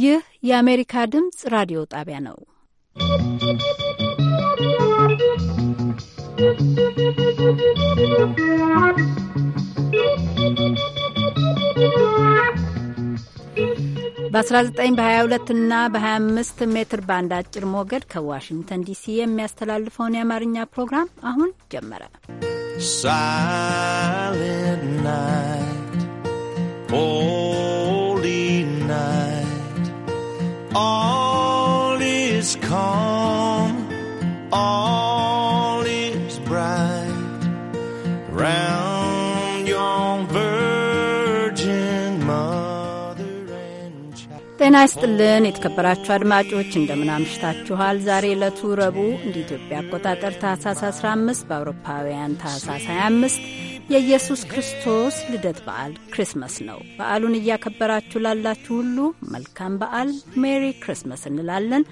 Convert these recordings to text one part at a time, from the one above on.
ይህ የአሜሪካ ድምፅ ራዲዮ ጣቢያ ነው። በ19 በ22 እና በ25 ሜትር ባንድ አጭር ሞገድ ከዋሽንግተን ዲሲ የሚያስተላልፈውን የአማርኛ ፕሮግራም አሁን ጀመረ። ሳይለንት ናይት ሆሊ All is calm, all is bright round your virgin mother and child. ጤና ይስጥልን የተከበራችሁ አድማጮች እንደምን አምሽታችኋል? ዛሬ ዕለቱ ረቡዕ እንደ ኢትዮጵያ አቆጣጠር ታህሳስ 15 በአውሮፓውያን ታህሳስ 25 የኢየሱስ ክርስቶስ ልደት በዓል ክሪስመስ ነው። በዓሉን እያከበራችሁ ላላችሁ ሁሉ መልካም በዓል ሜሪ ክሪስመስ እንላለን።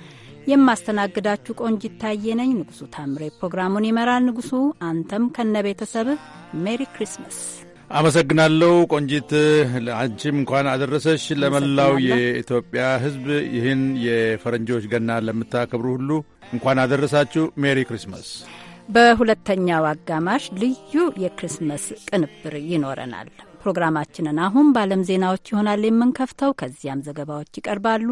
የማስተናግዳችሁ ቆንጂት ታየነኝ። ንጉሱ ታምሬ ፕሮግራሙን ይመራል። ንጉሱ፣ አንተም ከነ ቤተሰብህ ሜሪ ክሪስመስ። አመሰግናለሁ ቆንጂት፣ አንቺም እንኳን አደረሰሽ። ለመላው የኢትዮጵያ ሕዝብ ይህን የፈረንጆች ገና ለምታከብሩ ሁሉ እንኳን አደረሳችሁ። ሜሪ ክሪስመስ። በሁለተኛው አጋማሽ ልዩ የክሪስመስ ቅንብር ይኖረናል። ፕሮግራማችንን አሁን በዓለም ዜናዎች ይሆናል የምንከፍተው። ከዚያም ዘገባዎች ይቀርባሉ።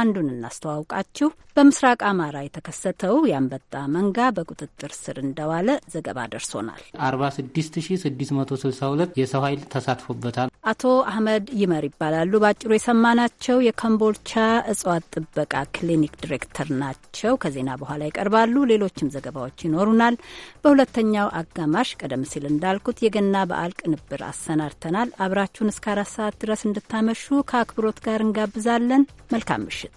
አንዱን እናስተዋውቃችሁ። በምስራቅ አማራ የተከሰተው የአንበጣ መንጋ በቁጥጥር ስር እንደዋለ ዘገባ ደርሶናል። 46662 የሰው ኃይል ተሳትፎበታል። አቶ አህመድ ይመር ይባላሉ። በአጭሩ የሰማናቸው የከምቦልቻ እጽዋት ጥበቃ ክሊኒክ ዲሬክተር ናቸው። ከዜና በኋላ ይቀርባሉ። ሌሎችም ዘገባዎች ይኖሩናል። በሁለተኛው አጋማሽ ቀደም ሲል እንዳልኩት የገና በዓል ቅንብር አሰናድተናል። አብራችሁን እስከ አራት ሰዓት ድረስ እንድታመሹ ከአክብሮት ጋር እንጋብዛለን። መልካም ምሽት። ምሽት።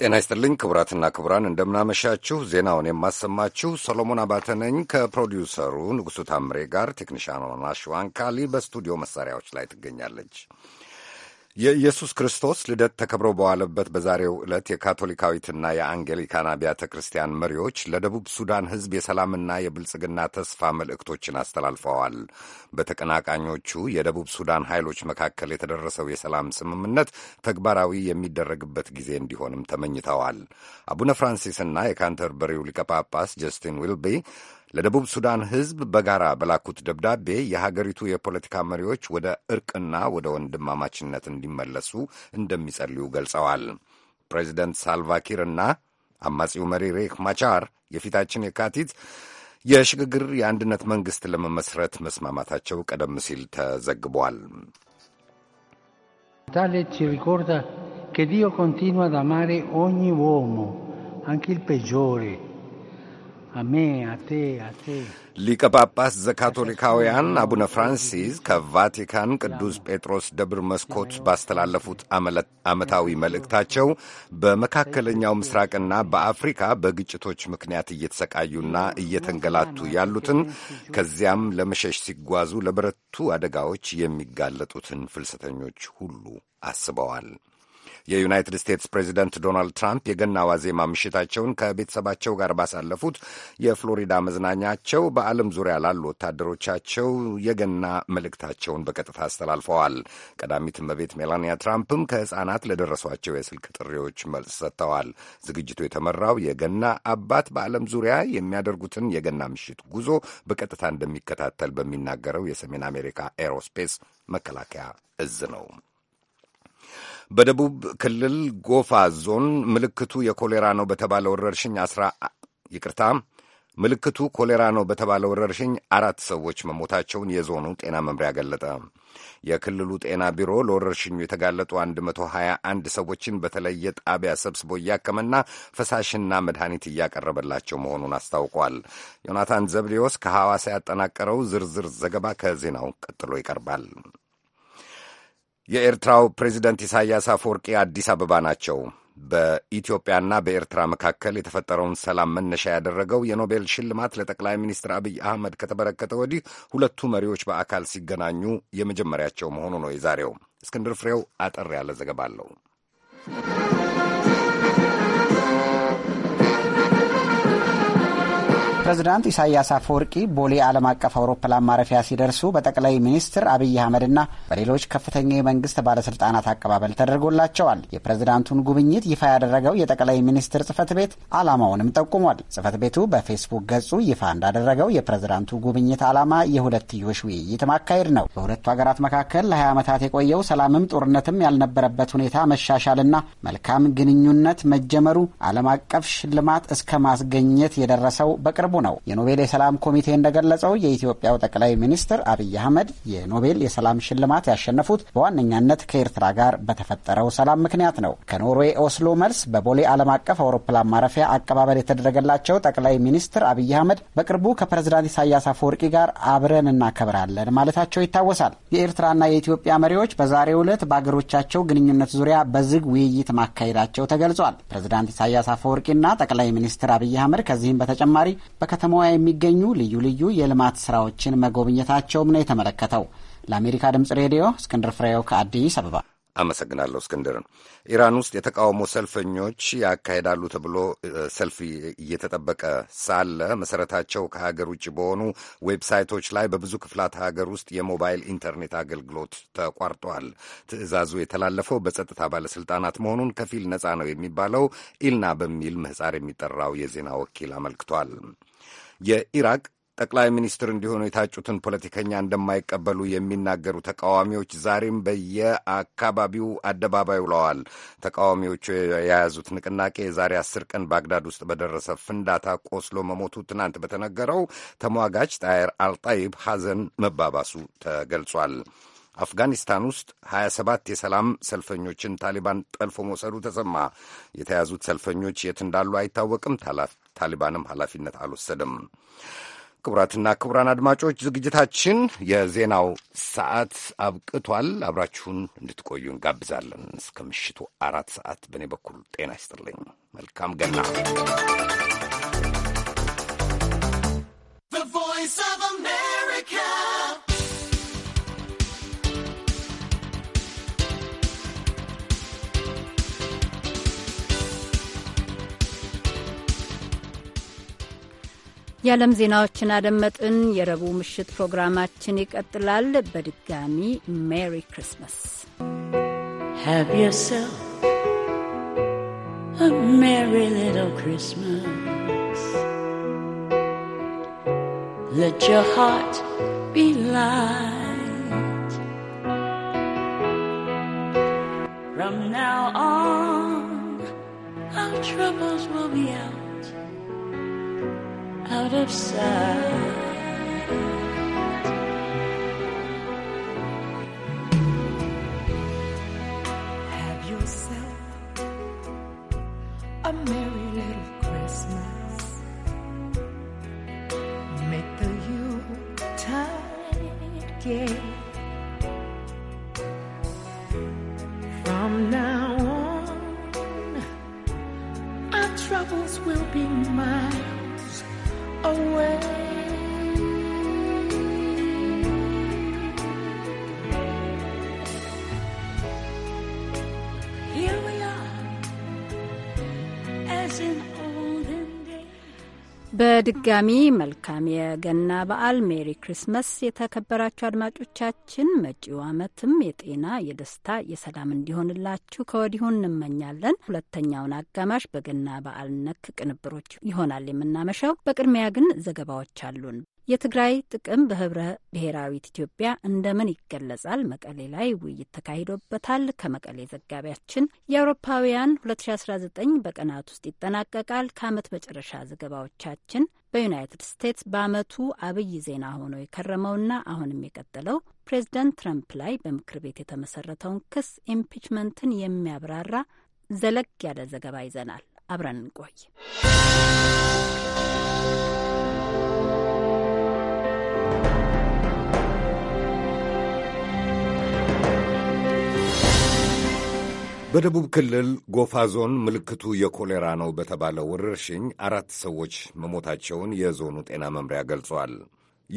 ጤና ይስጥልኝ ክቡራትና ክቡራን፣ እንደምናመሻችሁ። ዜናውን የማሰማችሁ ሰሎሞን አባተ ነኝ ከፕሮዲውሰሩ ንጉሡ ታምሬ ጋር። ቴክኒሻኗ ሽዋንካሊ በስቱዲዮ መሳሪያዎች ላይ ትገኛለች። የኢየሱስ ክርስቶስ ልደት ተከብሮ በዋለበት በዛሬው ዕለት የካቶሊካዊትና የአንጌሊካን አብያተ ክርስቲያን መሪዎች ለደቡብ ሱዳን ሕዝብ የሰላምና የብልጽግና ተስፋ መልእክቶችን አስተላልፈዋል። በተቀናቃኞቹ የደቡብ ሱዳን ኃይሎች መካከል የተደረሰው የሰላም ስምምነት ተግባራዊ የሚደረግበት ጊዜ እንዲሆንም ተመኝተዋል። አቡነ ፍራንሲስና የካንተርበሪው ሊቀ ጳጳስ ጀስቲን ዊልቢ ለደቡብ ሱዳን ሕዝብ በጋራ በላኩት ደብዳቤ የሀገሪቱ የፖለቲካ መሪዎች ወደ እርቅና ወደ ወንድማማችነት እንዲመለሱ እንደሚጸልዩ ገልጸዋል። ፕሬዚደንት ሳልቫኪር እና አማጺው መሪ ሬክ ማቻር የፊታችን የካቲት የሽግግር የአንድነት መንግሥት ለመመስረት መስማማታቸው ቀደም ሲል ተዘግቧል። ሪኮርዳ ዲዮ ኮንቲኑዋ ዳማሬ ኦኒ ዎሞ አንኪል ፔጆሬ ሊቀ ጳጳስ ዘካቶሊካውያን አቡነ ፍራንሲስ ከቫቲካን ቅዱስ ጴጥሮስ ደብር መስኮት ባስተላለፉት ዓመታዊ መልእክታቸው በመካከለኛው ምስራቅና በአፍሪካ በግጭቶች ምክንያት እየተሰቃዩና እየተንገላቱ ያሉትን ከዚያም ለመሸሽ ሲጓዙ ለበረቱ አደጋዎች የሚጋለጡትን ፍልሰተኞች ሁሉ አስበዋል። የዩናይትድ ስቴትስ ፕሬዚደንት ዶናልድ ትራምፕ የገና ዋዜማ ምሽታቸውን ከቤተሰባቸው ጋር ባሳለፉት የፍሎሪዳ መዝናኛቸው በዓለም ዙሪያ ላሉ ወታደሮቻቸው የገና መልእክታቸውን በቀጥታ አስተላልፈዋል። ቀዳሚት እመቤት ሜላኒያ ትራምፕም ከሕፃናት ለደረሷቸው የስልክ ጥሪዎች መልስ ሰጥተዋል። ዝግጅቱ የተመራው የገና አባት በዓለም ዙሪያ የሚያደርጉትን የገና ምሽት ጉዞ በቀጥታ እንደሚከታተል በሚናገረው የሰሜን አሜሪካ ኤሮስፔስ መከላከያ እዝ ነው። በደቡብ ክልል ጎፋ ዞን ምልክቱ የኮሌራ ነው በተባለ ወረርሽኝ አስራ ይቅርታ ምልክቱ ኮሌራ ነው በተባለ ወረርሽኝ አራት ሰዎች መሞታቸውን የዞኑ ጤና መምሪያ ገለጠ። የክልሉ ጤና ቢሮ ለወረርሽኙ የተጋለጡ 121 ሰዎችን በተለየ ጣቢያ ሰብስቦ እያከመና ፈሳሽና መድኃኒት እያቀረበላቸው መሆኑን አስታውቋል። ዮናታን ዘብዴዎስ ከሐዋሳ ያጠናቀረው ዝርዝር ዘገባ ከዜናው ቀጥሎ ይቀርባል። የኤርትራው ፕሬዚደንት ኢሳያስ አፈወርቂ አዲስ አበባ ናቸው። በኢትዮጵያና በኤርትራ መካከል የተፈጠረውን ሰላም መነሻ ያደረገው የኖቤል ሽልማት ለጠቅላይ ሚኒስትር አብይ አህመድ ከተበረከተ ወዲህ ሁለቱ መሪዎች በአካል ሲገናኙ የመጀመሪያቸው መሆኑ ነው። የዛሬው እስክንድር ፍሬው አጠር ያለ ዘገባ አለው። ፕሬዝዳንት ኢሳያስ አፈወርቂ ቦሌ ዓለም አቀፍ አውሮፕላን ማረፊያ ሲደርሱ በጠቅላይ ሚኒስትር አብይ አህመድና በሌሎች ከፍተኛ የመንግስት ባለስልጣናት አቀባበል ተደርጎላቸዋል። የፕሬዝዳንቱን ጉብኝት ይፋ ያደረገው የጠቅላይ ሚኒስትር ጽፈት ቤት ዓላማውንም ጠቁሟል። ጽፈት ቤቱ በፌስቡክ ገጹ ይፋ እንዳደረገው የፕሬዝዳንቱ ጉብኝት ዓላማ የሁለትዮሽ ውይይት ማካሄድ ነው። በሁለቱ ሀገራት መካከል ለ20 ዓመታት የቆየው ሰላምም ጦርነትም ያልነበረበት ሁኔታ መሻሻልና መልካም ግንኙነት መጀመሩ ዓለም አቀፍ ሽልማት እስከ ማስገኘት የደረሰው በቅርቡ መቅረቡ ነው። የኖቤል የሰላም ኮሚቴ እንደገለጸው የኢትዮጵያው ጠቅላይ ሚኒስትር አብይ አህመድ የኖቤል የሰላም ሽልማት ያሸነፉት በዋነኛነት ከኤርትራ ጋር በተፈጠረው ሰላም ምክንያት ነው። ከኖርዌይ ኦስሎ መልስ በቦሌ ዓለም አቀፍ አውሮፕላን ማረፊያ አቀባበል የተደረገላቸው ጠቅላይ ሚኒስትር አብይ አህመድ በቅርቡ ከፕሬዝዳንት ኢሳያስ አፈወርቂ ጋር አብረን እናከብራለን ማለታቸው ይታወሳል። የኤርትራና የኢትዮጵያ መሪዎች በዛሬው ዕለት በአገሮቻቸው ግንኙነት ዙሪያ በዝግ ውይይት ማካሄዳቸው ተገልጿል። ፕሬዝዳንት ኢሳያስ አፈወርቂና ጠቅላይ ሚኒስትር አብይ አህመድ ከዚህም በተጨማሪ በከተማዋ የሚገኙ ልዩ ልዩ የልማት ስራዎችን መጎብኘታቸውም ነው የተመለከተው። ለአሜሪካ ድምፅ ሬዲዮ እስክንድር ፍሬው ከአዲስ አበባ። አመሰግናለሁ እስክንድርን። ኢራን ውስጥ የተቃውሞ ሰልፈኞች ያካሄዳሉ ተብሎ ሰልፍ እየተጠበቀ ሳለ መሰረታቸው ከሀገር ውጭ በሆኑ ዌብሳይቶች ላይ በብዙ ክፍላት ሀገር ውስጥ የሞባይል ኢንተርኔት አገልግሎት ተቋርጧል። ትዕዛዙ የተላለፈው በጸጥታ ባለስልጣናት መሆኑን ከፊል ነጻ ነው የሚባለው ኢልና በሚል ምህፃር የሚጠራው የዜና ወኪል አመልክቷል። የኢራቅ ጠቅላይ ሚኒስትር እንዲሆኑ የታጩትን ፖለቲከኛ እንደማይቀበሉ የሚናገሩ ተቃዋሚዎች ዛሬም በየአካባቢው አደባባይ ውለዋል። ተቃዋሚዎቹ የያዙት ንቅናቄ የዛሬ አስር ቀን ባግዳድ ውስጥ በደረሰ ፍንዳታ ቆስሎ መሞቱ ትናንት በተነገረው ተሟጋች ጣየር አልጣይብ ሐዘን መባባሱ ተገልጿል። አፍጋኒስታን ውስጥ 27 የሰላም ሰልፈኞችን ታሊባን ጠልፎ መውሰዱ ተሰማ። የተያዙት ሰልፈኞች የት እንዳሉ አይታወቅም። ታሊባንም ኃላፊነት አልወሰደም። ክቡራትና ክቡራን አድማጮች ዝግጅታችን የዜናው ሰዓት አብቅቷል። አብራችሁን እንድትቆዩ እንጋብዛለን። እስከ ምሽቱ አራት ሰዓት በእኔ በኩል ጤና ይስጥልኝ። መልካም ገና የዓለም ዜናዎችን አደመጥን። የረቡዕ ምሽት ፕሮግራማችን ይቀጥላል። በድጋሚ ሜሪ ክርስማስ Have yourself a merry little Christmas. Let your heart be light. From now on, our troubles will be out out of sight. በድጋሚ መልካም የገና በዓል ሜሪ ክሪስመስ። የተከበራችሁ አድማጮቻችን መጪው ዓመትም የጤና የደስታ፣ የሰላም እንዲሆንላችሁ ከወዲሁ እንመኛለን። ሁለተኛውን አጋማሽ በገና በዓል ነክ ቅንብሮች ይሆናል የምናመሻው። በቅድሚያ ግን ዘገባዎች አሉን። የትግራይ ጥቅም በህብረ ብሔራዊት ኢትዮጵያ እንደምን ይገለጻል? መቀሌ ላይ ውይይት ተካሂዶበታል። ከመቀሌ ዘጋቢያችን የአውሮፓውያን 2019 በቀናት ውስጥ ይጠናቀቃል። ከዓመት መጨረሻ ዘገባዎቻችን በዩናይትድ ስቴትስ በአመቱ አብይ ዜና ሆኖ የከረመውና አሁንም የቀጠለው ፕሬዝደንት ትረምፕ ላይ በምክር ቤት የተመሰረተውን ክስ ኢምፒችመንትን የሚያብራራ ዘለግ ያለ ዘገባ ይዘናል። አብረን እንቆይ። በደቡብ ክልል ጎፋ ዞን ምልክቱ የኮሌራ ነው በተባለ ወረርሽኝ አራት ሰዎች መሞታቸውን የዞኑ ጤና መምሪያ ገልጿል።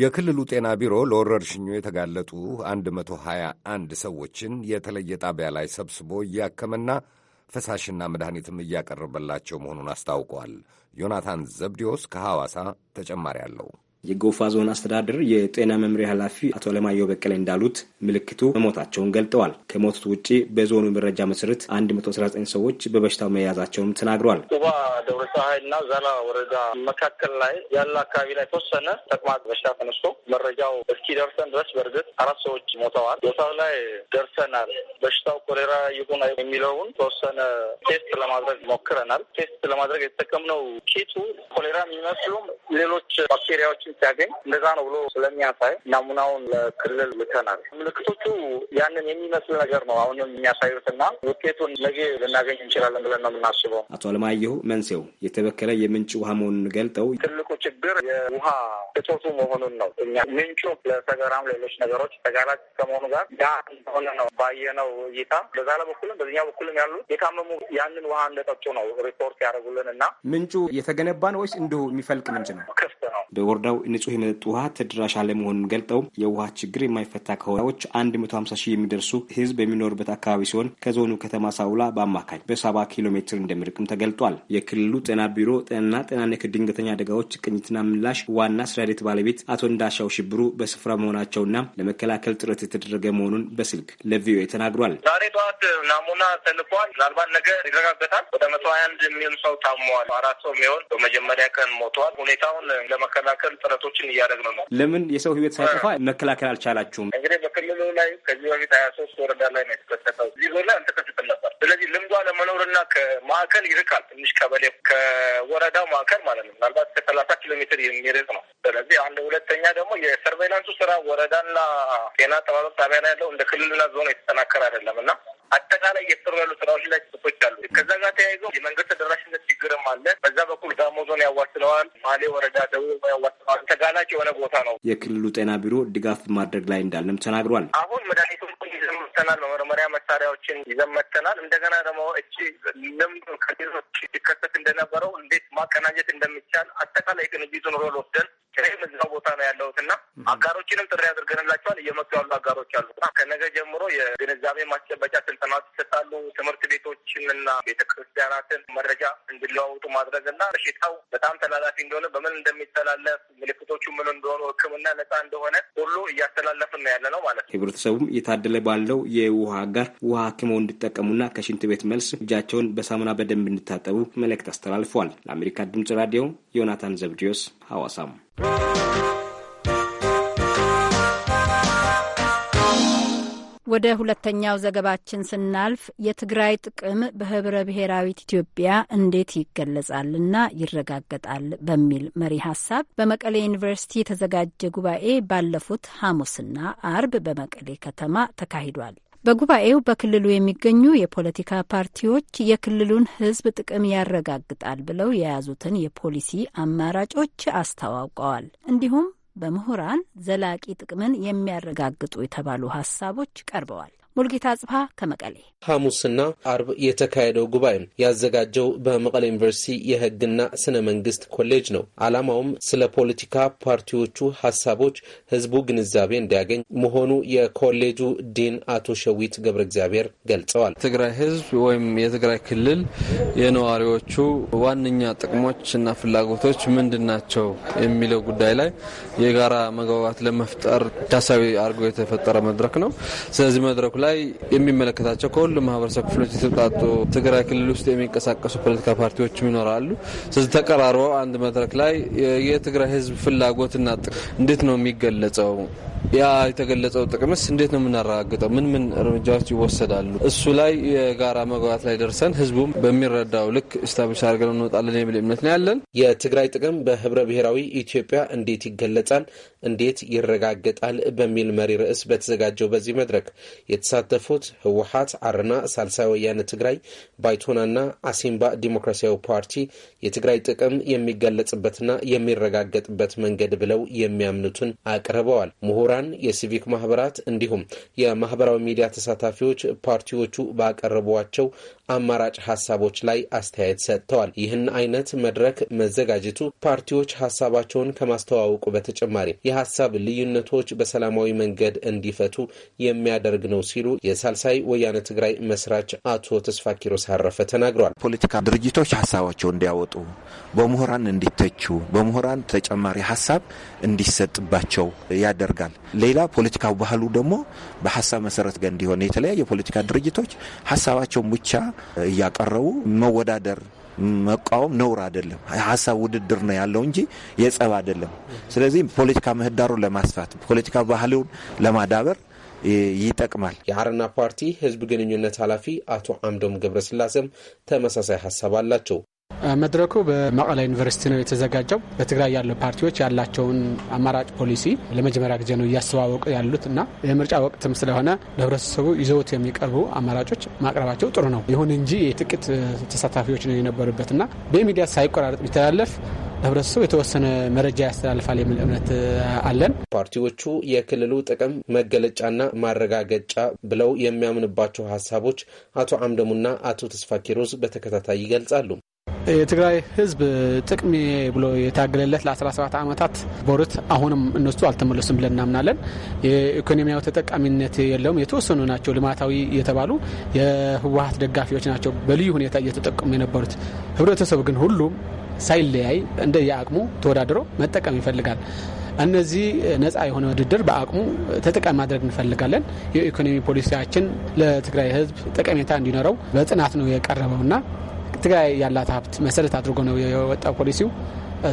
የክልሉ ጤና ቢሮ ለወረርሽኙ የተጋለጡ 121 ሰዎችን የተለየ ጣቢያ ላይ ሰብስቦ እያከመና ፈሳሽና መድኃኒትም እያቀረበላቸው መሆኑን አስታውቋል። ዮናታን ዘብዲዮስ ከሐዋሳ ተጨማሪ አለው። የጎፋ ዞን አስተዳደር የጤና መምሪያ ኃላፊ አቶ አለማየሁ በቀለ እንዳሉት ምልክቱ መሞታቸውን ገልጠዋል። ከሞቱት ውጭ በዞኑ መረጃ መሰረት 119 ሰዎች በበሽታው መያዛቸውም ተናግሯል። ቁባ ደብረ ፀሐይ እና ዛላ ወረዳ መካከል ላይ ያለ አካባቢ ላይ ተወሰነ ተቅማጥ በሽታ ተነስቶ መረጃው እስኪደርሰን ድረስ በእርግጥ አራት ሰዎች ሞተዋል። ቦታው ላይ ደርሰናል። በሽታው ኮሌራ ይሁን የሚለውን ተወሰነ ቴስት ለማድረግ ሞክረናል። ቴስት ለማድረግ የተጠቀምነው ኪቱ ኮሌራ የሚመስሉም ሌሎች ባክቴሪያዎች ሲያገኝ እንደዛ ነው ብሎ ስለሚያሳይ ናሙናውን ለክልል ልከናል። ምልክቶቹ ያንን የሚመስል ነገር ነው አሁን የሚያሳዩትና ውጤቱን ነገ ልናገኝ እንችላለን ብለን ነው የምናስበው። አቶ አለማየሁ መንሴው የተበከለ የምንጭ ውሃ መሆኑን ገልጠው ትልቁ ችግር የውሃ እጦቱ መሆኑን ነው። እኛ ምንጩ ለሰገራም ሌሎች ነገሮች ተጋላጭ ከመሆኑ ጋር ያ እንደሆነ ነው ባየነው እይታ። በዛ ለበኩልም በዚኛ በኩልም ያሉት የታመሙ ያንን ውሃ እንደጠጡ ነው ሪፖርት ያደረጉልን እና ምንጩ የተገነባ ነው ወይስ እንዲሁ የሚፈልቅ ምንጭ ነው? ክፍት ነው። በወረዳው ንጹህ የመጠጥ ውሃ ተደራሽ አለመሆኑን ገልጠው የውሃ ችግር የማይፈታ ከሆነዎች 150 ሺህ የሚደርሱ ህዝብ የሚኖርበት አካባቢ ሲሆን ከዞኑ ከተማ ሳውላ በአማካኝ በሰባ ኪሎ ሜትር እንደሚርቅም ተገልጧል። የክልሉ ጤና ቢሮ ጤናና ጤና ነክ ድንገተኛ አደጋዎች ቅኝትና ምላሽ ዋና ስራ ሂደት ባለቤት አቶ እንዳሻው ሽብሩ በስፍራ መሆናቸውና ለመከላከል ጥረት የተደረገ መሆኑን በስልክ ለቪኦኤ ተናግሯል። ዛሬ ጠዋት ናሙና ተልኳል። ምናልባት ነገ ይረጋገጣል። ወደ መቶ ሀያ አንድ የሚሆን ሰው ታሟል። አራት ሰው የሚሆን በመጀመሪያ ቀን ሞተዋል። ሁኔታውን ለመከላከል ጥረቶችን እያደረግን ነው። ለምን የሰው ህይወት ሳይጠፋ መከላከል አልቻላችሁም? እንግዲህ በክልሉ ላይ ከዚህ በፊት ሀያ ሶስት ወረዳ ላይ ነው የተከሰተው። እዚህ ዞን ላይ አልተከሰተም ነበር። ስለዚህ ልምዷ ለመኖርና ከማዕከል ይርቃል። ትንሽ ቀበሌ ከወረዳው ማዕከል ማለት ነው ምናልባት ከሰላሳ ኪሎ ሜትር የሚርቅ ነው። ስለዚህ አንድ ሁለተኛ ደግሞ የሰርቬይላንሱ ስራ ወረዳና ጤና ጥበቃ ጣቢያ ላይ ያለው እንደ ክልልና ዞን የተጠናከረ አይደለም እና አጠቃላይ የተሰራሉ ስራዎች ላይ ጽፎች አሉ። ከዛ ጋር ተያይዘው የመንገድ ተደራሽነት ችግርም አለ። በዛ በኩል ጋሞ ዞን ያዋስነዋል፣ ማሌ ወረዳ፣ ደቡብ ያዋስነዋል። ተጋላጭ የሆነ ቦታ ነው። የክልሉ ጤና ቢሮ ድጋፍ ማድረግ ላይ እንዳለም ተናግሯል። አሁን መድኃኒቱ ይዘመተናል መመርመሪያ መሳሪያዎችን ይዘመተናል። እንደገና ደግሞ እቺ ልምድ ከሌሎች ሲከሰት እንደነበረው እንዴት ማቀናጀት እንደሚቻል አጠቃላይ ቅንጅቱን ሮል ወስደን ይህም እዛው ቦታ ነው ያለሁት እና አጋሮችንም ጥሪ አድርገንላቸዋል። እየመጡ ያሉ አጋሮች አሉ። ከነገ ጀምሮ የግንዛቤ ማስጨበጫ ስልጠናዎች ይሰጣሉ። ትምህርት ቤቶችን እና ቤተክርስቲያናትን መረጃ እንዲለዋወጡ ማድረግ እና በሽታው በጣም ተላላፊ እንደሆነ በምን እንደሚተላለፍ ምልክቶቹ ምን እንደሆኑ፣ ሕክምና ነጻ እንደሆነ ሁሉ እያስተላለፍን ነው ያለ ነው ማለት ነው። ህብረተሰቡም እየታደለ ባለው የውሃ ጋር ውሃ ሀክመው እንዲጠቀሙና ከሽንት ቤት መልስ እጃቸውን በሳሙና በደንብ እንዲታጠቡ መልእክት አስተላልፏል። ለአሜሪካ ድምጽ ራዲዮ ዮናታን ዘብዲዮስ ሐዋሳም ወደ ሁለተኛው ዘገባችን ስናልፍ የትግራይ ጥቅም በህብረ ብሔራዊት ኢትዮጵያ እንዴት ይገለጻልና ይረጋገጣል በሚል መሪ ሀሳብ በመቀሌ ዩኒቨርሲቲ የተዘጋጀ ጉባኤ ባለፉት ሐሙስና አርብ በመቀሌ ከተማ ተካሂዷል። በጉባኤው በክልሉ የሚገኙ የፖለቲካ ፓርቲዎች የክልሉን ህዝብ ጥቅም ያረጋግጣል ብለው የያዙትን የፖሊሲ አማራጮች አስተዋውቀዋል። እንዲሁም በምሁራን ዘላቂ ጥቅምን የሚያረጋግጡ የተባሉ ሀሳቦች ቀርበዋል። ሙልጌታ ጽፋ ከመቀሌ ሐሙስና አርብ የተካሄደው ጉባኤ ያዘጋጀው በመቀሌ ዩኒቨርሲቲ የህግና ስነ መንግስት ኮሌጅ ነው። ዓላማውም ስለ ፖለቲካ ፓርቲዎቹ ሀሳቦች ህዝቡ ግንዛቤ እንዲያገኝ መሆኑ የኮሌጁ ዲን አቶ ሸዊት ገብረ እግዚአብሔር ገልጸዋል። ትግራይ ህዝብ ወይም የትግራይ ክልል የነዋሪዎቹ ዋነኛ ጥቅሞች እና ፍላጎቶች ምንድን ናቸው የሚለው ጉዳይ ላይ የጋራ መግባባት ለመፍጠር ታሳቢ አድርጎ የተፈጠረ መድረክ ነው። ስለዚህ መድረኩ ላይ ላይ የሚመለከታቸው ከሁሉ ማህበረሰብ ክፍሎች የተውጣጡ ትግራይ ክልል ውስጥ የሚንቀሳቀሱ ፖለቲካ ፓርቲዎችም ይኖራሉ። ስለዚህ ተቀራርበው አንድ መድረክ ላይ የትግራይ ህዝብ ፍላጎትና እንዴት ነው የሚገለጸው? ያ የተገለጸው ጥቅምስ እንዴት ነው የምናረጋግጠው? ምን ምን እርምጃዎች ይወሰዳሉ? እሱ ላይ የጋራ መግባባት ላይ ደርሰን ህዝቡም በሚረዳው ልክ ስታብሽ አድርገን እንወጣለን የሚል እምነት ነው ያለን። የትግራይ ጥቅም በህብረ ብሔራዊ ኢትዮጵያ እንዴት ይገለጻል? እንዴት ይረጋገጣል በሚል መሪ ርዕስ በተዘጋጀው በዚህ መድረክ የተሳተፉት ህወሓት፣ አረና፣ ሳልሳይ ወያነ ትግራይ፣ ባይቶናና አሲምባ ዲሞክራሲያዊ ፓርቲ የትግራይ ጥቅም የሚገለጽበትና የሚረጋገጥበት መንገድ ብለው የሚያምኑትን አቅርበዋል። ምሁራን፣ የሲቪክ ማህበራት እንዲሁም የማህበራዊ ሚዲያ ተሳታፊዎች ፓርቲዎቹ ባቀረቧቸው አማራጭ ሀሳቦች ላይ አስተያየት ሰጥተዋል። ይህን አይነት መድረክ መዘጋጀቱ ፓርቲዎች ሀሳባቸውን ከማስተዋወቁ በተጨማሪ የሀሳብ ልዩነቶች በሰላማዊ መንገድ እንዲፈቱ የሚያደርግ ነው ሲሉ የሳልሳይ ወያነ ትግራይ መስራች አቶ ተስፋ ኪሮስ አረፈ ተናግሯል። ፖለቲካ ድርጅቶች ሀሳባቸው እንዲያወጡ፣ በምሁራን እንዲተቹ፣ በምሁራን ተጨማሪ ሀሳብ እንዲሰጥባቸው ያደርጋል። ሌላ ፖለቲካው ባህሉ ደግሞ በሀሳብ መሰረት ገ እንዲሆን የተለያዩ የፖለቲካ ድርጅቶች ሀሳባቸውን ብቻ እያቀረቡ መወዳደር መቃወም ነውር አይደለም። ሀሳብ ውድድር ነው ያለው እንጂ የጸብ አይደለም። ስለዚህ ፖለቲካ ምህዳሩን ለማስፋት ፖለቲካ ባህሉን ለማዳበር ይጠቅማል። የአረና ፓርቲ ህዝብ ግንኙነት ኃላፊ አቶ አምዶም ገብረስላሴም ተመሳሳይ ሀሳብ አላቸው። መድረኩ በመቀለ ዩኒቨርሲቲ ነው የተዘጋጀው። በትግራይ ያሉ ፓርቲዎች ያላቸውን አማራጭ ፖሊሲ ለመጀመሪያ ጊዜ ነው እያስተዋወቁ ያሉት እና የምርጫ ወቅትም ስለሆነ ለህብረተሰቡ ይዘውት የሚቀርቡ አማራጮች ማቅረባቸው ጥሩ ነው። ይሁን እንጂ የጥቂት ተሳታፊዎች ነው የነበሩበት እና በሚዲያ ሳይቆራረጥ ቢተላለፍ ለህብረተሰቡ የተወሰነ መረጃ ያስተላልፋል የሚል እምነት አለን። ፓርቲዎቹ የክልሉ ጥቅም መገለጫና ማረጋገጫ ብለው የሚያምንባቸው ሀሳቦች አቶ አምደሙና አቶ ተስፋ ኪሮዝ በተከታታይ ይገልጻሉ። የትግራይ ህዝብ ጥቅሜ ብሎ የታገለለት ለ17 ዓመታት ቦርት አሁንም እነሱ አልተመለሱም ብለን እናምናለን። የኢኮኖሚያዊ ተጠቃሚነት የለውም። የተወሰኑ ናቸው ልማታዊ የተባሉ የህወሀት ደጋፊዎች ናቸው በልዩ ሁኔታ እየተጠቀሙ የነበሩት። ህብረተሰቡ ግን ሁሉም ሳይለያይ እንደ የአቅሙ ተወዳድሮ መጠቀም ይፈልጋል። እነዚህ ነጻ የሆነ ውድድር በአቅሙ ተጠቃሚ ማድረግ እንፈልጋለን። የኢኮኖሚ ፖሊሲያችን ለትግራይ ህዝብ ጠቀሜታ እንዲኖረው በጥናት ነው የቀረበውና ትግራይ ያላት ሀብት መሰረት አድርጎ ነው የወጣው ፖሊሲው።